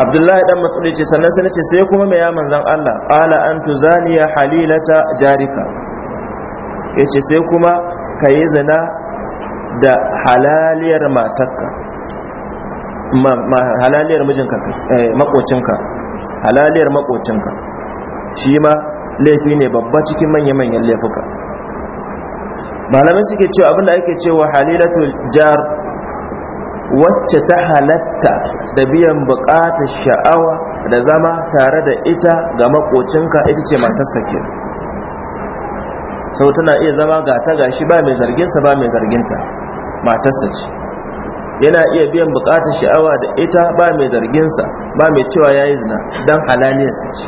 abdullahi dan mas'ud ce sannan sai ce sai kuma mai ya manzan Allah qala an tuzaniya halilata jarika ce sai kuma ka yi zina da halaliyar matakka halaliyar mijinka eh, makocinka halaliyar makocinka shi ma laifi ne babba cikin manya-manyan laifuka malamai suke cewa abinda ake cewa halilatul jar wacce ta halatta da biyan bukatar sha'awa da zama tare da ita ga makocinka ita ce matarsa kenan sau tana iya zama ga ta gashi ba mai zarginsa ba mai zarginta matarsa ce yana iya biyan bukatar sha'awa da ita ba mai zarginsa ba mai cewa ya yi zina don halaliyarsa ce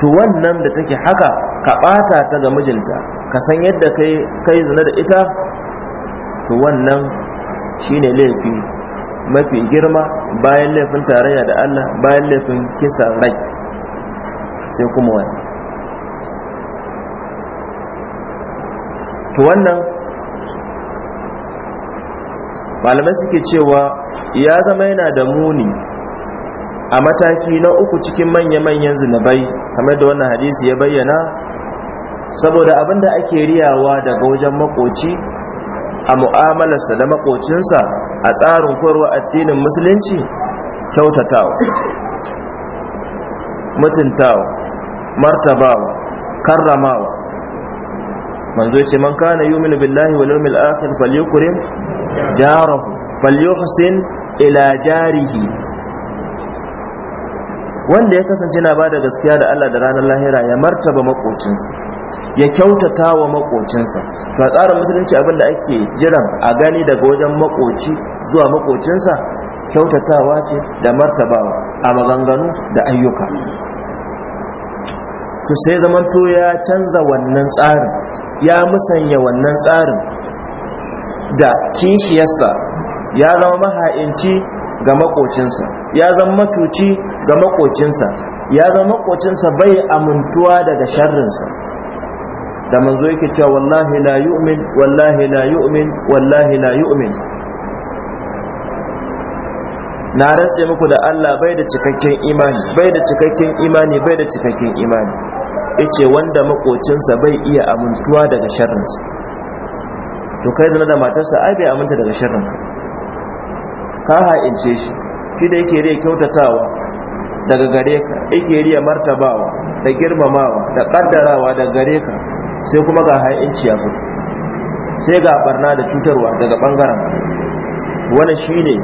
to wannan da take haka ka ɓata ta ga mijinta ka san yadda ka yi zina da ita to wannan shine laifi mafi girma bayan laifin tarayya da allah bayan laifin kisan rai sai kuma wani to wannan malamai suke cewa ya zama yana da muni a mataki na uku cikin manya-manyan zinabai kamar da wannan hadisi ya bayyana saboda abin da ake riyawa daga wajen makoci a mu'amalarsa da makocinsa a tsarin koyarwa addinin musulunci kyautatawa mutuntawa martabawa karramawa manzo yace man kana yu'minu billahi wal yawmil akhir falyukrim jarahu falyuhsin ila jarihi wanda ya kasance na bada gaskiya da Allah da ranar lahira ya martaba makocinsa ya kyautata wa makocinsa to tsara musulunci abin da ake jiran a gani daga wajen makoci zuwa makocinsa kyautatawa ce da martabawa a maganganu da ayyuka to sai zamanto ya canza wannan tsarin ya musanya wannan tsarin da kishiyarsa ya zama maha'inci ga makocinsa ya zama matuci ga makocinsa ya zama makocinsa bai amintuwa daga sharrinsa da manzo yake cewa wallahi la yu'min wallahi la yu'min wallahi la yu'min na rantse muku da Allah bai da cikakken imani bai da cikakken imani bai da cikakken imani yace wanda makocinsa bai iya amintuwa daga sharrinsa to kai zana da matarsa ai bai aminta daga sharrin ka ha'ince shi shi da yake riya kyautatawa daga gare ka yake riya martabawa da girmamawa da kaddarawa daga gare ka sai kuma ga ha'inci ya fito sai ga barna da cutarwa daga bangaren wani shine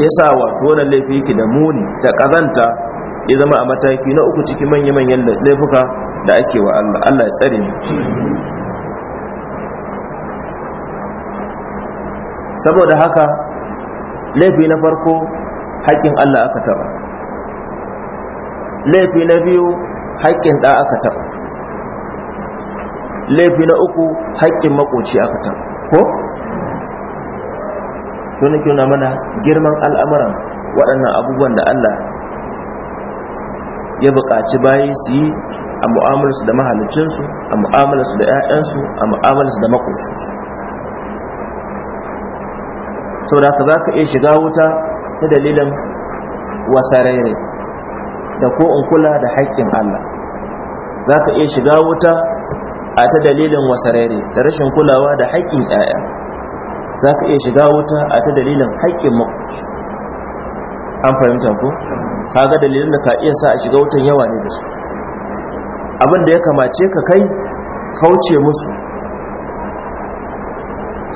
yasa wato wannan laifi yake da muni da kazanta ya zama a mataki na uku cikin manya-manyan laifuka da ake wa Allah Allah ya tsare saboda haka laifi na farko haƙƙin Allah aka taɓa laifi na biyu haƙƙin ɗa aka taɓa laifi na uku haƙƙin makoci aka taɓa ko? to nake nuna mana girman al'amuran waɗannan abubuwan da Allah ya buƙaci bayi su yi a mu'amalarsu da mahalicinsu a mu'amalarsu da 'ya'yansu a mu'amalarsu da sau da ka za ka iya shiga wuta ta dalilin wasarere da ko in kula da haƙƙin Allah za ka iya shiga wuta a ta dalilin wasarere da rashin kulawa da haƙƙin 'ya'ya za ka iya shiga wuta a ta dalilin haƙƙin makocinsu an fahimta ko kaga dalilin da ka iya sa a shiga wutan yawa ne da su abin da ya kamace ka kai kauce musu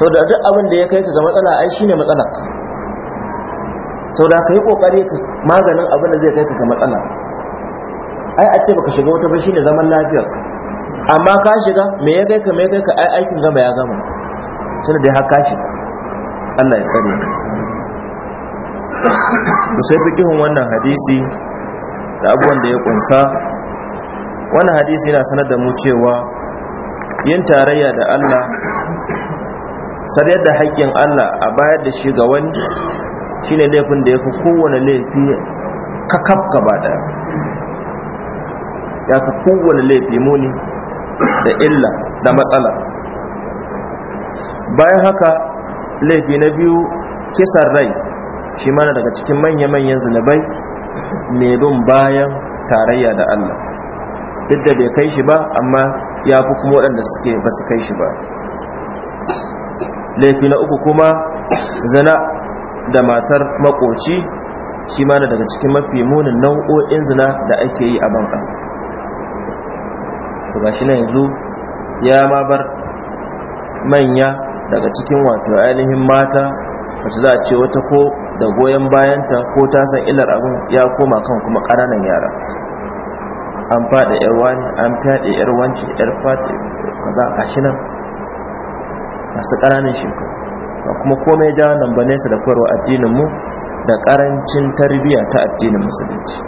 sau da duk abin da ya kai ka ga matsala ai shine matsala sau da ka yi kokari ka maganin abin da zai kai ka ga matsala ai a ce baka shiga wuta ba shine zaman lafiyar amma ka shiga me ya kai ka me ya kai ka ai aikin gama ya gama tunda dai har ka shiga Allah ya tsare ka to sai fikihun wannan hadisi da abubuwan da ya kunsa wannan hadisi yana sanar da mu cewa yin tarayya da Allah sarayar da haƙƙin Allah a bayar da shi ga wani shine laifin da ya fi kowane laifi kakaf gaba ɗaya ya fi kowane laifi muni da illa da matsala bayan haka laifi na biyu kisan rai shi mana daga cikin manya-manyan zunubai mai bin bayan tarayya da Allah duk da bai kai shi ba amma ya fi kuma waɗanda suke ba su kai shi ba laifi na uku kuma zana da matar makoci shi mana daga cikin mafi munin nau'o'in zina da ake yi a ban Ba shi na yanzu ya ma bar manya daga cikin wato ainihin mata wacce za a ce wata ko da goyon bayanta ko ta san illar abin ya koma kan kuma ƙananan yara an faɗa 'yar wani an fyaɗe yarwanci yar faɗe za a shi nan masu ƙananan shekaru ba kuma komai ja nan ba nesa da koyarwa addinin mu da ƙarancin tarbiyya ta addinin musulunci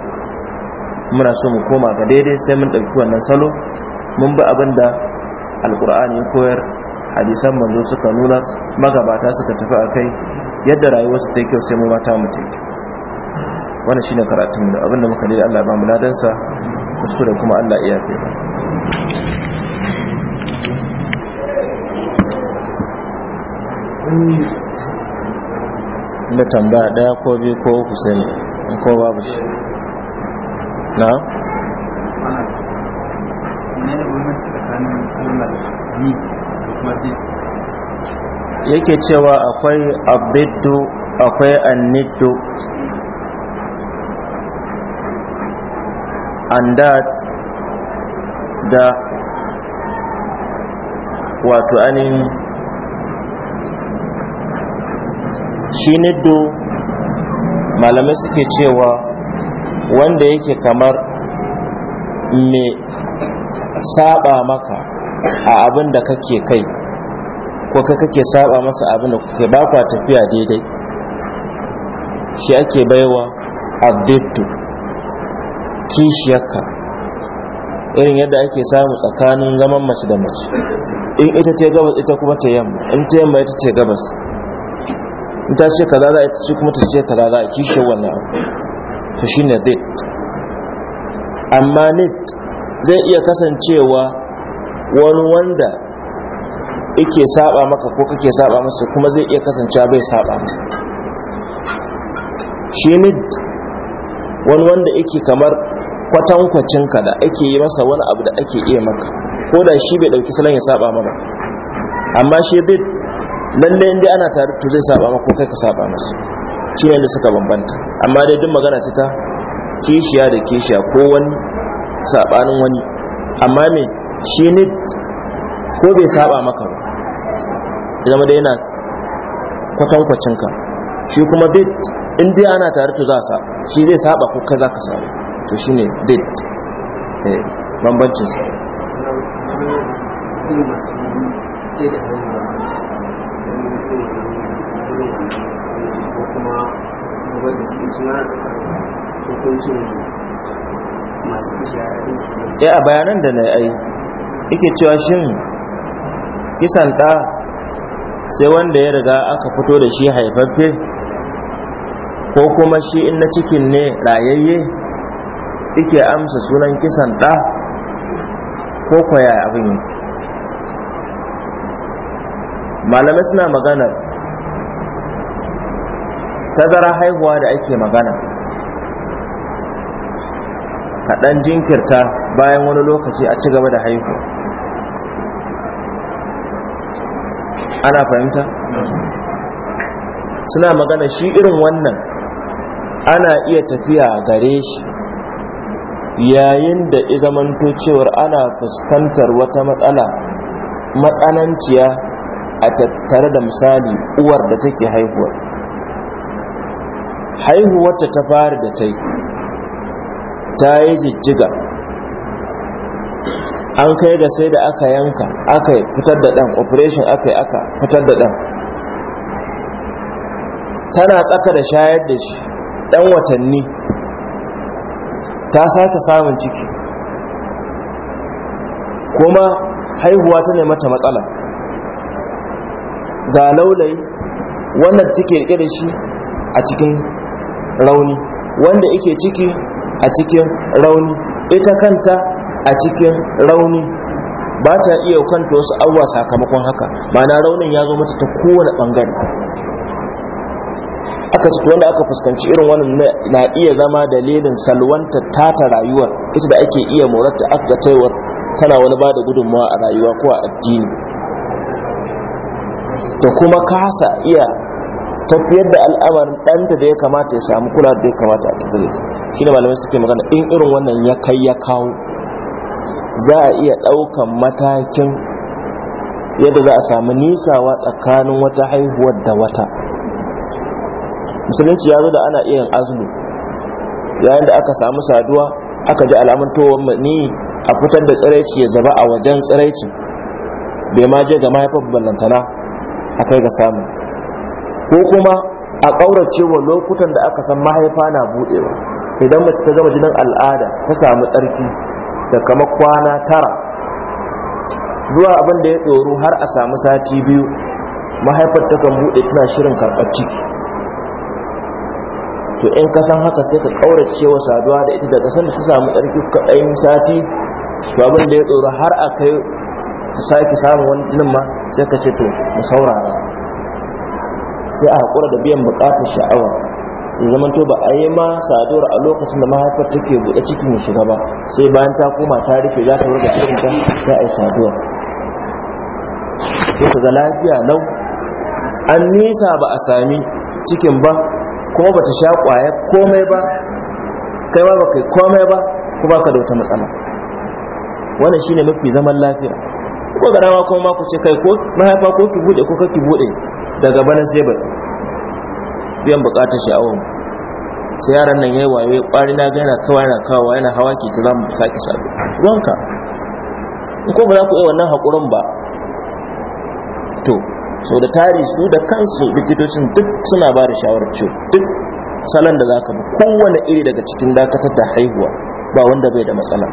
muna so mu koma ga daidai sai mun ɗauki wannan salo mun bi abin da alƙur'ani koyar hadisan manzo suka nuna magabata suka tafi a kai yadda rayuwarsu ta yi kyau sai mu mata mu ta yi kyau wannan shine karatun mu da abinda muka da Allah ba mu ladansa sa kuskure kuma Allah iya fi na tambaya daya ko biyu ko uku in ko babu shi na ne da gwamnati tsakanin kalmar ni da kuma yake cewa akwai abiddu akwai anniddu andat da wato anin shi niddu malamai suke cewa wanda yake kamar me saba maka a abin da kake kai ko ka kake saba masa abin da kuke ba kwa tafiya daidai shi ake baiwa abdittu kishiyarka irin yadda ake samu tsakanin zaman mace da mace in ita ce gabas ita kuma ta yamma in ta yamma ita ce gabas in ta ce kaza za ita ce kuma ta ce kaza za a kishiyar wannan abu to shine dit amma nit zai iya kasancewa wani wanda yake saba maka ko kake saba masa kuma zai iya kasancewa bai saba shi ne wani wanda yake kamar kwatankwacinka da ake yi masa wani abu da ake iya maka ko da shi bai dauki salon ya saba maka amma shi duk lalle inda ana tare to zai saba maka ko kai ka saba masa shi ne da suka bambanta amma dai duk magana ce ta kishiya da kishiya ko wani sabanin wani amma me shi ne ko bai saba maka ba ya zama da yana kwatankwacin ka shi kuma bit in dai ana tare to za sa shi zai saba ko ka za ka saba to shi ne bit eh, bambancin su ya eh, a bayanan da na yi ake cewa shin kisan ɗa sai wanda ya riga aka fito da shi haifaffe ko kuma shi in cikin ne rayayye ike amsa sunan kisan ɗa ko kwaya abin yi malamai suna maganar tazara haihuwa da ake magana kaɗan jinkirta bayan wani lokaci a ci gaba da haihuwa ana fahimta suna magana shi irin wannan ana iya tafiya gare shi yayin da izamanto cewar ana fuskantar wata matsala matsananciya a tattare da misali uwar da take haihuwar haihuwarta ta fara da ta yi ta yi jijjiga an kai ga sai da aka yanka aka fitar da ɗan operation aka aka fitar da ɗan tana tsaka da shayar da shi ɗan watanni ta sake samun ciki kuma haihuwa ta mata matsala ga laulayi wannan take rike da shi a cikin rauni wanda yake ciki a cikin rauni ita kanta a cikin rauni ba ta iya kanta wasu abubuwa sakamakon haka ma'ana raunin ya zo mata ta kowane bangare aka ci wanda aka fuskanci irin wannan na iya zama dalilin salwanta tata rayuwar ita da ake iya morarta aka tana wani ba da gudunmawa a rayuwa ko a addini ta kuma kasa iya tafiyar da al'amarin ɗanta da ya kamata ya samu kula da ya kamata a tattare shi da malamai suke magana in irin wannan ya kai ya kawo za a iya ɗaukan matakin yadda za a samu nisawa tsakanin wata haihuwar da wata musulunci ya zo da ana iya yin azumi yayin da aka samu saduwa aka ji alamun towar mani a fitar da tsiraici ya zaba a wajen tsiraici bai ma je ga mahaifar ballantana a kai ga samu ko kuma a ƙaurace wa lokutan da aka san mahaifa na buɗewa idan mace ta gama jinin al'ada ta samu tsarki da kama kwana tara zuwa abin da ya tsoro har a samu sati biyu mahaifar takan buɗe tana shirin karɓar ciki to in ka san haka sai ka ƙaurace wa saduwa da ita daga sanda ta samu tsarki kaɗayin sati to abin da ya tsoro har a kai ka sake samun wani ma sai ka ce to mu saurara sai a haƙura da biyan buƙatar sha'awa ya zama to ba a yi ma saduwar a lokacin da mahaifar take buɗe cikin ya shiga ba sai bayan ta koma ta rike za ta wurga cikin ta ta a yi saduwar sai ta ga lafiya lau an nisa ba a sami cikin ba kuma ba ta sha ƙwaya komai ba kai ba kai komai ba kuma ka da wata matsala wannan shine mafi zaman lafiya ko ga dama kuma ma ku ce kai ko mahaifa ko ki buɗe ko ka ki buɗe daga bana sai ba biyan bukatar sha'awar mu sai yaran nan yayi waye kwari na ga yana kawai yana kawo yana hawa ke ta mu sake sabu ruwanka ko ba za ku yi wannan hakurin ba to so da tari su da kansu likitocin duk suna ba da shawarar ciwo duk salon da zaka bi kowane iri daga cikin dakatar da haihuwa ba wanda bai da matsala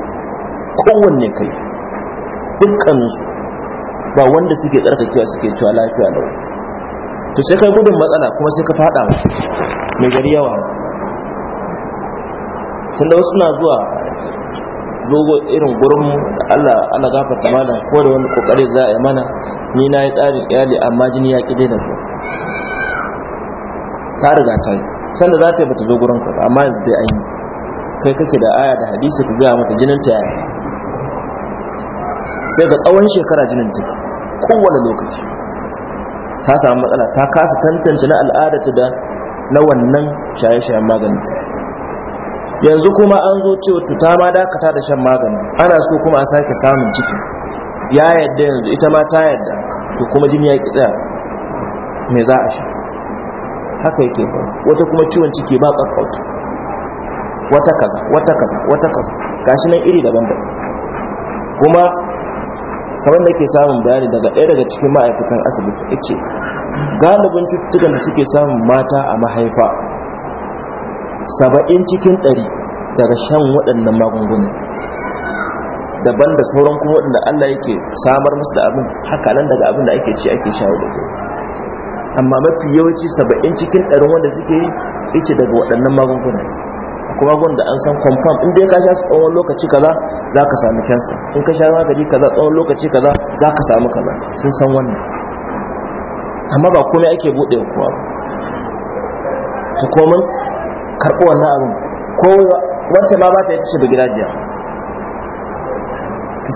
kowanne kai dukkaninsu ba wanda suke tsarkakewa suke cewa lafiya lau to sai kai gudun matsala kuma sai ka fada mai gari yawa tunda wasu na zuwa zogo irin gurin Allah ana gafar ta mana ko da wani kokari za a yi mana ni na yi tsarin iyali amma jini ya kide da ta riga ta yi sanda za ta yi bata zo gurin ka amma yanzu dai an yi kai kake da aya da hadisi ka gaya mata jinin ta yaya sai ga tsawon shekara jinin ta kowane lokaci ta samu matsala ta kasa tantance na al'adata da na wannan shaye-shayen magani yanzu kuma an zo cewa ta ma dakata da shan magani ana so kuma a sake samun ciki ya yadda yanzu ita ma ta yadda to kuma jini ya ki tsaya me za a sha haka yake wata kuma ciwon ciki ba kakkauta wata kaza wata kaza wata kaza gashi nan iri daban-daban kuma kamar da ke samun bayani daga ɗaya daga cikin ma'aikatan asibiti ya ce galibin cututtukan da suke samun mata a mahaifa saba'in cikin ɗari daga shan waɗannan magunguna daban da sauran kuma waɗanda allah yake samar musu da abin haka nan daga abin da ake ci ake sha da amma mafi yawanci saba'in cikin ɗarin wanda suke yi ice daga waɗannan magunguna kuma gun da an san confirm in dai ka sha tsawon lokaci kaza za ka samu cancer in ka sha magani kaza tsawon lokaci kaza za ka samu kaza sun san wannan amma ba komai ake buɗe kuwa ba ta komin karɓi wannan abin ko wancan ma ba ta yi ta shiga gidajiya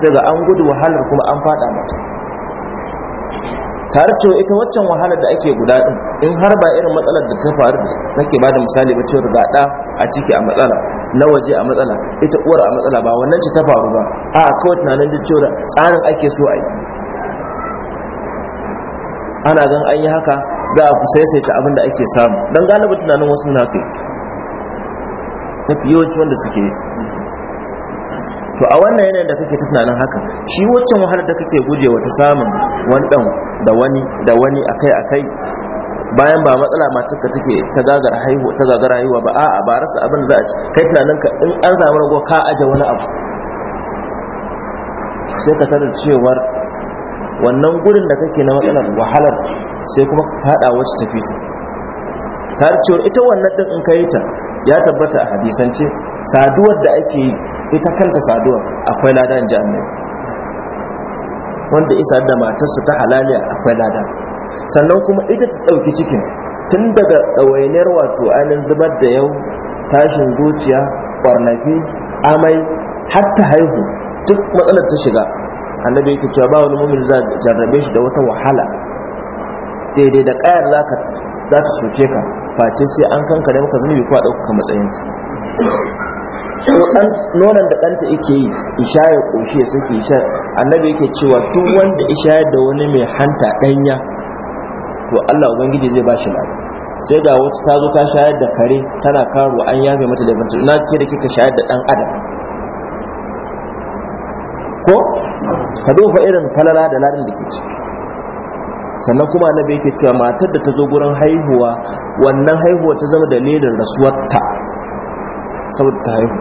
sai ga an gudu wahalar kuma an faɗa mata tare cewa ita waccan wahalar da ake guda din in har ba irin matsalar da ta faru nake ba da misali ba cewa ga a ciki a matsala na waje a matsala ita uwar a matsala ba wannan ce ta faru ba a kawai tunanin da cewa tsarin ake so a yi ana gan an yi haka za a kusa yasaita abin da ake samu don galibi tunanin wasu na kai mafi yawanci wanda suke to a wannan yanayin da kake tunanin haka shi waccan wahalar da kake gujewa ta samun wani dan da wani da wani akai akai bayan ba matsala matarka take ta gagar haihu ta gagar haihuwa ba a'a ba rasa abin za a ci kai tunanin ka in an samu rago ka aje wani abu sai ka cewar wannan gurin da kake na matsalar wahalar sai kuma ka fada wacce tafi ta tarar ita wannan din in kai ta ya tabbata a hadisance saduwar da ake yi ita kanta saduwa akwai lada in wanda isa da matarsa ta halaliya akwai lada sannan kuma ita ta ɗauki cikin tun daga ɗawainiyar wato ainihin zubar da yau tashin zuciya ƙwarnafi amai har ta haihu duk matsalar ta shiga annabi yake cewa ba wani mumin za jarrabe shi da wata wahala daidai da ƙayar za ta soke ka face sai an kanka da maka zunubi ko a ɗaukaka matsayinka dan nonon da ɗanta yake yi isha ya ƙoshi ya saki isha annabi yake cewa duk wanda isha da wani mai hanta ɗanya to Allah ubangiji zai ba shi lafiya sai da wata ta zo ta shayar da kare tana karo an yafe mata da bantu na ke da kika shayar da ɗan adam ko ka dofa irin falala da ladin da ke ciki sannan kuma annabi yake cewa matar da ta zo gurin haihuwa wannan haihuwa ta zama dalilin rasuwarta saboda ta haihu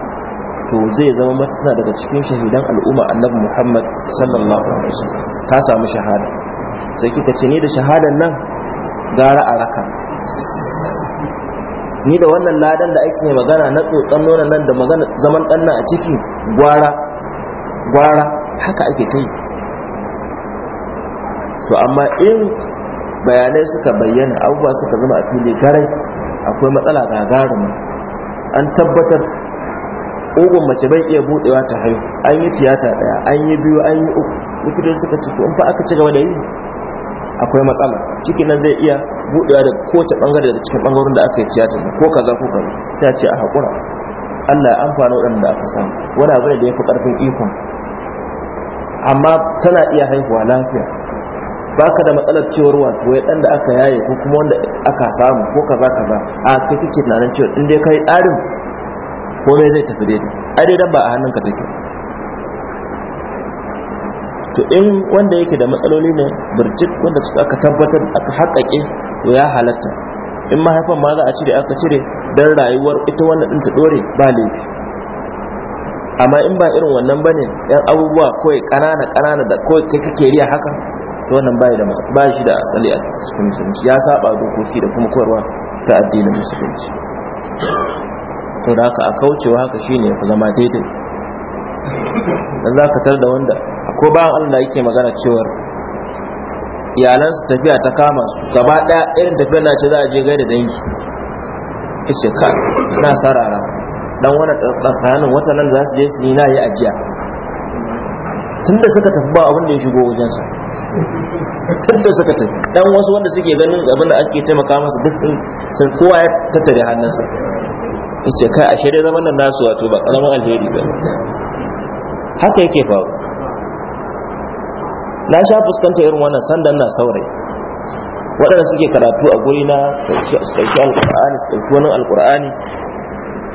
to zai zama mata tana daga cikin shahidan al'umma annabi muhammad sallallahu alaihi wasallam ta samu shahada sai kika ce ni da shahadan nan gara a raka ni da wannan ladan da ake magana na tsotsan nonon nan da magana zaman ɗanna a ciki gwara gwara haka ake ta yi to amma in bayanai suka bayyana abubuwa suka zama a fili garai akwai matsala ga gagarin an tabbatar ugun mace bai iya budewa ta haihu an yi tiyata daya an yi biyu an yi uku likitan suka ce ko fa aka ci gaba da yi akwai matsala ciki nan zai iya budewa da kowace bangare daga cikin bangaren da aka yi tiyata ko kaza ko kaza sai a ce a hakura Allah ya amfana waɗanda aka samu wani abu da ya fi ƙarfin ikon amma tana iya haihuwa lafiya baka da matsalar cewar wato ya dan da aka yaye ko kuma wanda aka samu ko kaza kaza a kai kike tunanin cewa in dai kai tsarin ko me zai tafi daidai a dai ba a hannunka take to in wanda yake da matsaloli ne birjik wanda suka aka tabbatar aka haƙaƙe to ya halatta in mahaifan ma za a cire aka cire don rayuwar ita wannan ɗin ta ɗore ba laifi amma in ba irin wannan bane yan abubuwa kawai ƙanana ƙanana da kawai kai kake riya haka to wannan bai da ba shi da asali a cikin musulunci ya saba dokoki da kuma koyarwa ta addinin musulunci to da haka a kaucewa haka shine ku zama daidai dan za ka tar da wanda ko bayan Allah yake magana cewar iyalansu tafiya ta kama su gaba ɗaya irin tafiyar na ce za a je gaida dangi ce ka na sarara dan wani tsakanin wata nan za su je su yi na yi ajiya tun da suka tafi ba abin da ya shigo wajensa tunda suka tafi dan wasu wanda suke ganin abin da ake taimaka masa duk sun kowa ya tattare hannunsa ce kai a shirye zaman nan nasu wato ba karamin alheri ba haka yake faru na sha fuskanta irin wannan sandan na saurayi waɗanda suke karatu a guri na su ɗauki alƙur'ani su ɗauki wani alƙur'ani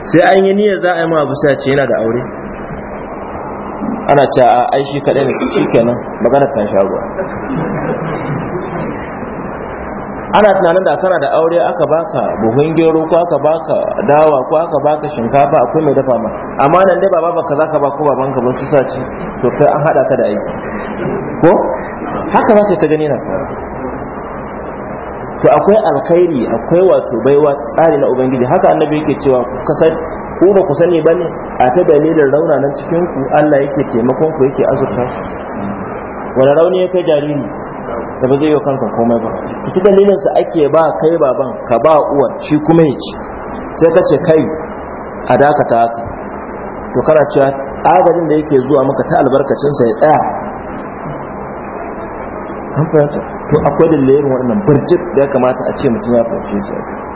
sai an yi niyyar za a yi ma abu sai ce yana da aure ana ce a aishi shi kaɗai ne shi kenan magana ta sha ana tunanin da kana da aure aka baka buhun gero ko aka baka dawa ko aka baka shinkafa akwai mai dafa ma amma nan dai baba baka zaka ba ko ka ba su sace to kai an hada ka da aiki ko haka za ta gani na to akwai alkhairi akwai wato baiwa tsari na ubangiji haka annabi yake cewa kasar ku ba ku sani bane a ta dalilin nan cikin ku Allah yake taimakon ku yake azurta wani rauni ya kai jariri da ba zai yi kansa komai ba ta dalilin sa ake ba kai baban ka ba uwa shi kuma ya ci sai ka ce kai a dakata haka to kana cewa agarin da yake zuwa maka ta albarkacin sa ya tsaya an fahimta to akwai dalilin waɗannan birjit da ya kamata a ce mutum ya fahimce su a sosai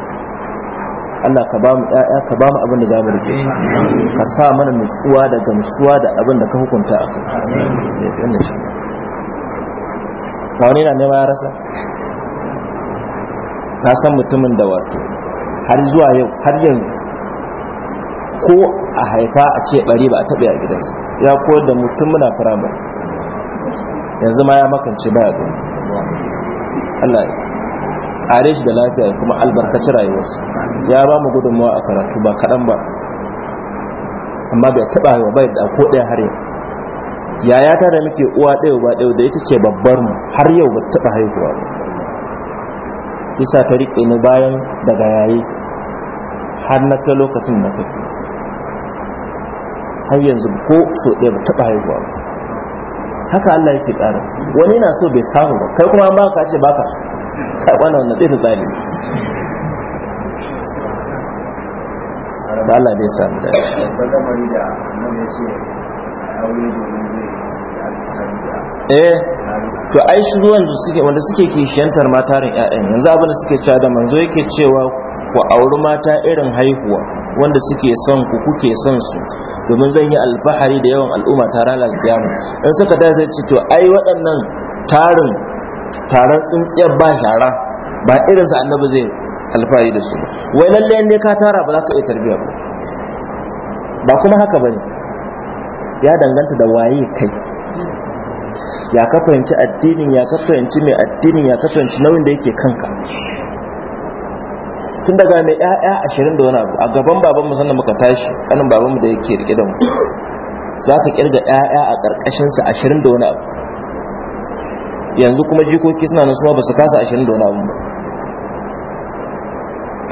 Allah ka ba mu ƴaƴa ka ba mu abin da za mu rike ka sa mana nutsuwa da gamsuwa da abin da ka hukunta a kai wani na nema ya rasa na san mutumin da wato har zuwa yau har yanzu ko a haifa a ce bari ba a taɓa a gidansa ya koyar da mutum muna firamare yanzu ma ya makance baya gani Allah ya kare shi da lafiya kuma albarkaci rayuwarsa ya ba mu gudunmawa a karatu ba kaɗan ba amma bai taɓa wa bai da ko ɗaya har yau yaya ta da muke uwa ɗaya uba ɗaya da ita ce babbar mu har yau ba taɓa haihuwa ba isa ta riƙe ni bayan daga yayi har na kai lokacin na tafi har yanzu ko so ɗaya ba taɓa haihuwa ba haka Allah yake tsara wani na so bai samu ba kai kuma ba ka ce baka wannan wanda zai tsari da eh to ai shi zuwan da suke wanda suke kishiyantar matarin ƴaƴan yanzu abin da suke cewa da manzo yake cewa ku auri mata irin haihuwa wanda suke son ku kuke son su domin zan yi alfahari da yawan al'umma ta da kiyama in suka da zai ce to ai waɗannan tarin taron tsintsiyar ba shara ba irinsa annabi zai alfahari da su wai lallai ne ka tara ba za ka iya tarbiya ba ba kuma haka bane ya danganta da waye kai ya ka fahimci addinin ya ka fahimci mai addinin ya ka fahimci nauyin da yake kanka tun daga mai ƴaƴa ashirin da wani abu a gaban babanmu sannan muka tashi ƙanin babanmu da yake riƙe da mu za ka ƙirga ƴaƴa a ƙarƙashinsa ashirin da wani abu yanzu kuma jikoki suna nan suma ba su kasa ashirin da wani abu ba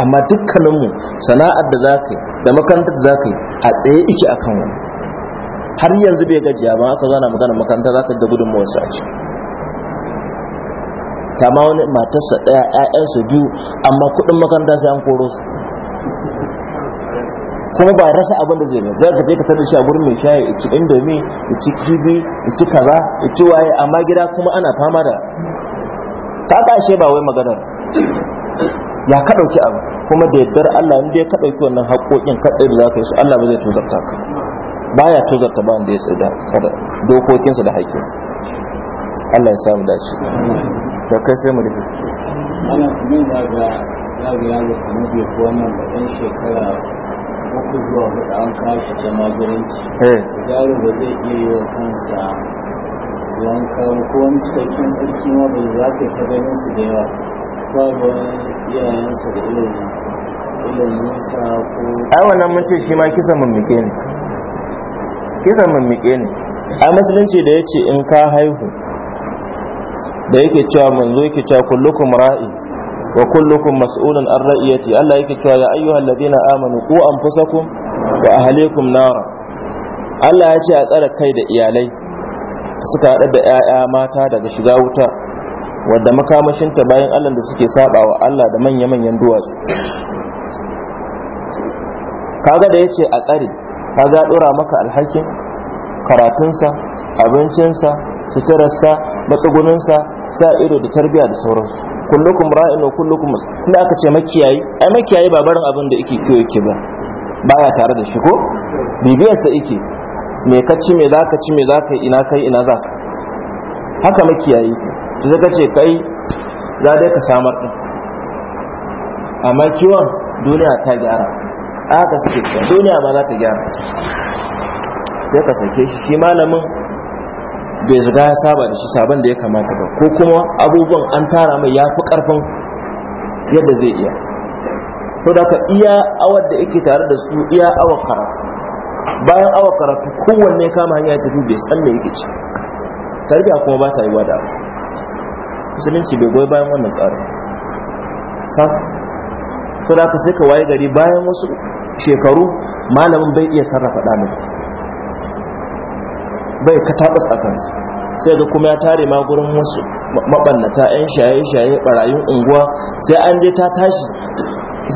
amma dukkaninmu sana'ar da za ka yi da makarantar da za ka yi a tsaye ike akan wani har yanzu bai gajiya ba aka zana magana makaranta za ka da gudun mawasa a ciki ta ma wani matarsa ɗaya 'ya'yansa biyu amma kuɗin makaranta sai an koro su kuma ba rasa abin da zai ne za ka je ka tada shi a gurin mai shayi ya ci indomi ci kibi ya ci kaza ci waye amma gida kuma ana fama da ka kashe ba wai maganar ya ka dauki abu kuma da yaddar Allah inda ya ka ɗauki wannan haƙoƙin ka tsaye da za ka yi su Allah ba zai tozarta ka baya tozarta ba da ya tsaye da dokokinsa da haƙƙinsa Allah ya samu dace da kai sai mu rufe ana cikin da ga yaro kuma bai kuwa wannan da ɗan shekara uku zuwa hudu an kawo shi jama'iranci eh. yaro ba zai iya yi wa kansa wankan ko wani cikakken sarki ma ba za ka ta ganin su da yawa ba ba iyayensa da irin iliminsa ko ai wannan mun ce shi ma kisan mummuke ne kisan mummuke ne ai musulunci da ya ce in ka haihu da yake cewa manzo yake cewa kullukum ra'i wa kullukum mas'ulun an ra'iyati Allah yake cewa ya ayyuhal ladina amanu ku anfusakum wa ahlikum nara Allah ya ce a tsare kai da iyalai suka hada da 'ya'ya mata daga shiga wuta wadda makamashinta bayan Allah da suke saba wa Allah da manya-manyan duwatsu kaga da yace a tsare kaga dora maka alhakin karatunsa abincinsa suturarsa matsuguninsa sa ido da tarbiya da sauransu kullukum ra'in wa kullukum tunda aka ce makiyayi ai makiyayi ba barin abin da yake kiyo yake ba baya tare da shi ko bibiyar sa yake me ka ci me zaka ci me zaka ina kai ina zaka haka makiyayi to zaka ce kai za dai ka samar din amma kiwon duniya ta gyara aka sake duniya ba za ta gyara sai ka sake shi shi malamin bai zaga ya saba da shi saban da ya kamata ba ko kuma abubuwan an tara mai ya fi karfin yadda zai iya so da ka iya awar da yake tare da su iya awar karatu bayan awar karatu kowanne kama hanya tafi bai san me yake ci tarbiya kuma ba ta yi wada musulunci bai goyi bayan wannan tsarin sam so da ka sai ka waye gari bayan wasu shekaru malamin bai iya sarrafa ɗalibin bai katabas a kansu sai ga kuma ya tare ma gurin wasu mabannata yan shaye-shaye barayin unguwa sai an je ta tashi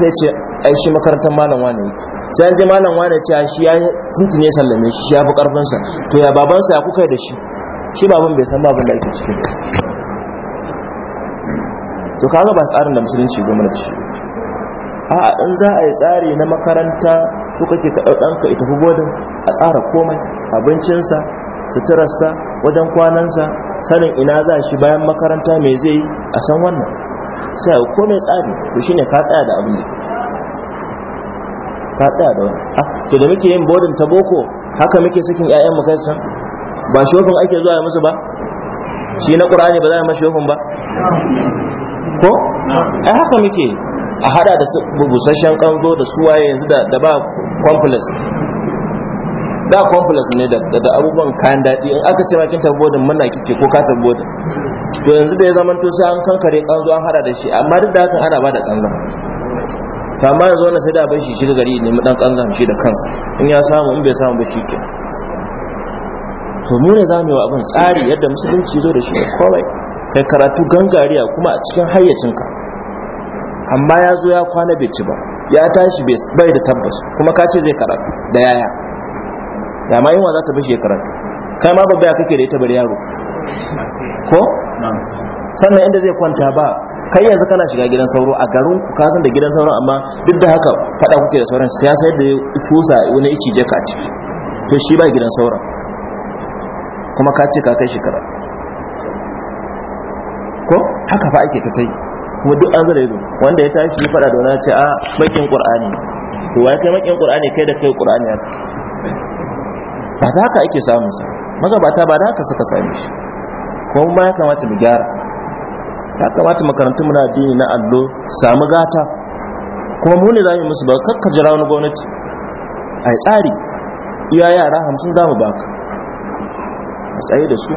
sai ce ai shi makarantar malam wane yake sai an je malam wane ce shi ya tuntune sallame shi ya fi ƙarfinsa. to ya babansa ya kuka da shi shi baban bai san baban da ake cikin to kaga ba tsarin da musulunci zama da shi a in za a yi tsari na makaranta ko kake ka ɗauɗanka ita fi godin a tsara komai abincinsa suturarsa wajen kwanansa sanin ina za shi bayan makaranta mai zai yi a san wannan sai a kome tsari shi ne ka tsaya da abin da ka tsaya da wani ah, to da muke yin bodin ta boko haka muke sakin 'ya'yan mu san ba shofin ake zuwa ya musu ba shi na ƙura'ani ba za a mashi shofin ba ko a haka muke a hada da busasshen kanzo da suwaye yanzu da ba complex da complex ne da abubuwan kayan daɗi in aka ce ma kin tabbodin muna kike ko ka tabbodin to yanzu da ya zama to sai an kankare kanzo an hada da shi amma duk da hakan ana ba da kanzan kama yanzu wannan sai da bai shi shiga gari ne dan kanzo shi da kansa in ya samu in bai samu ba shi ke. to mu ne zamu yi wa abin tsari yadda musulunci zo da shi kawai kai karatu gangariya kuma a cikin hayyacinka amma ya zo ya kwana bai ci ba ya tashi bai da tabbas kuma ka ce zai karatu da yaya ya ma yunwa za ta bashi shekarar? karatu kai ma babba ya kake da ita bari yaro ko sannan inda zai kwanta ba kai yanzu kana shiga gidan sauro a garin ku ka san da gidan sauro amma duk da haka fada kuke da sauran siyasa yadda ya tusa wani iki je a ciki to shi ba gidan sauron kuma ka ce ka kai shekara ko haka fa ake ta tai kuma duk an zara wanda ya tashi fada da wani ce a ah, makin Kur'ani, to ya kai makin Kur'ani kai da kai qur'ani ba ta haka ake samunsa magabata ba da haka suka same shi kuma mun ya kamata mu gyara ya kamata makarantun muna addini na allo samu gata kuma mu ne za musu ba kakka jira wani gwamnati a tsari iya yara hamsin za mu baka a tsaye da su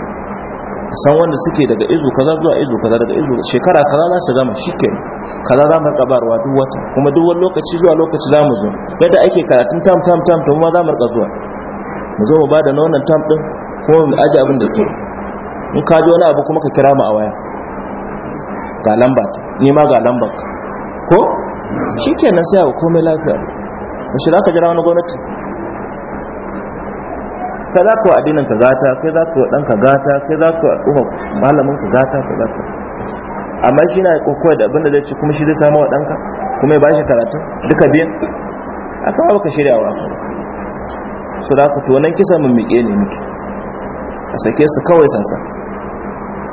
a san wanda suke daga izu kaza zuwa izu kaza daga izu shekara kaza za su shi shikenan kaza za mu rika barwa duk wata kuma duk wani lokaci zuwa lokaci za mu zo yadda ake karatun tam tam tam to mu ma za mu rika zuwa mu zo mu ba da na wannan tam ɗin kuma mu aje abin da ke in ka ji wani abu kuma ka kira mu a waya ga lamba ta ni ma ga lamba ko shi kenan sai abu komai lafiya mu shi ka jira wani gwamnati ka za ka wa addinin ka gata kai za ka wa ka gata kai za ka wa al'umma malamin ka gata ka za amma shi na kokowa da abinda zai ci kuma shi zai samu wa ɗanka kuma ya ba shi karatu duka biyan aka ba ka shirya wa su da to nan kisa mun miƙe ne miki a sake su kawai sansa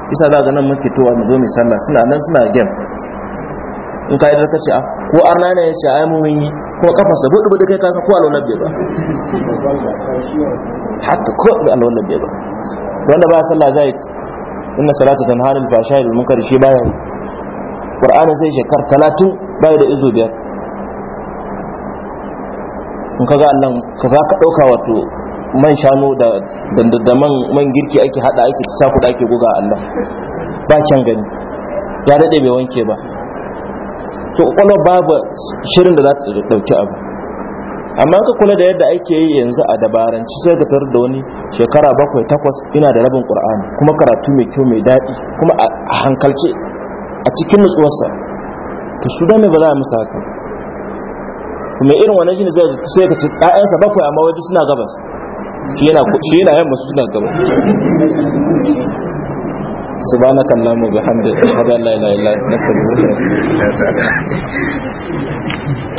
kisa da ga nan mun fitowa mu zo mu sallah suna nan suna gem in ka idan ka ce a ah, ko arna ne ya ce ai mun yi ko kafarsa buɗe buɗe kai kasa ko alwala bai ba hatta ko alwala bai ba wanda ba sallah zai inna salata tanhanil fashayil munkar shi baya qur'ani sai shekar 30 bai da izo biyar kun ga Allah ka za ka ɗauka wato man shanu da da man girki ake hada ake tsaku da ake guga Allah ba can gani ya dade bai wanke ba to kwakwalwa babu shirin da za ta dauki abu amma ka kula da yadda ake yi yanzu a ci sai ka tar da wani shekara bakwai takwas ina da rabin qur'ani kuma karatu mai kyau mai daɗi kuma a hankalce a cikin nutsuwarsa to su da ba za a musa haka kuma irin wannan shine sai ka ci ɗayansa bakwai amma waje suna gabas shi yana shi yana yamma suna gabas subhanaka allahumma bihamdika ashhadu an la ilaha illa anta astaghfiruka wa atubu ilaik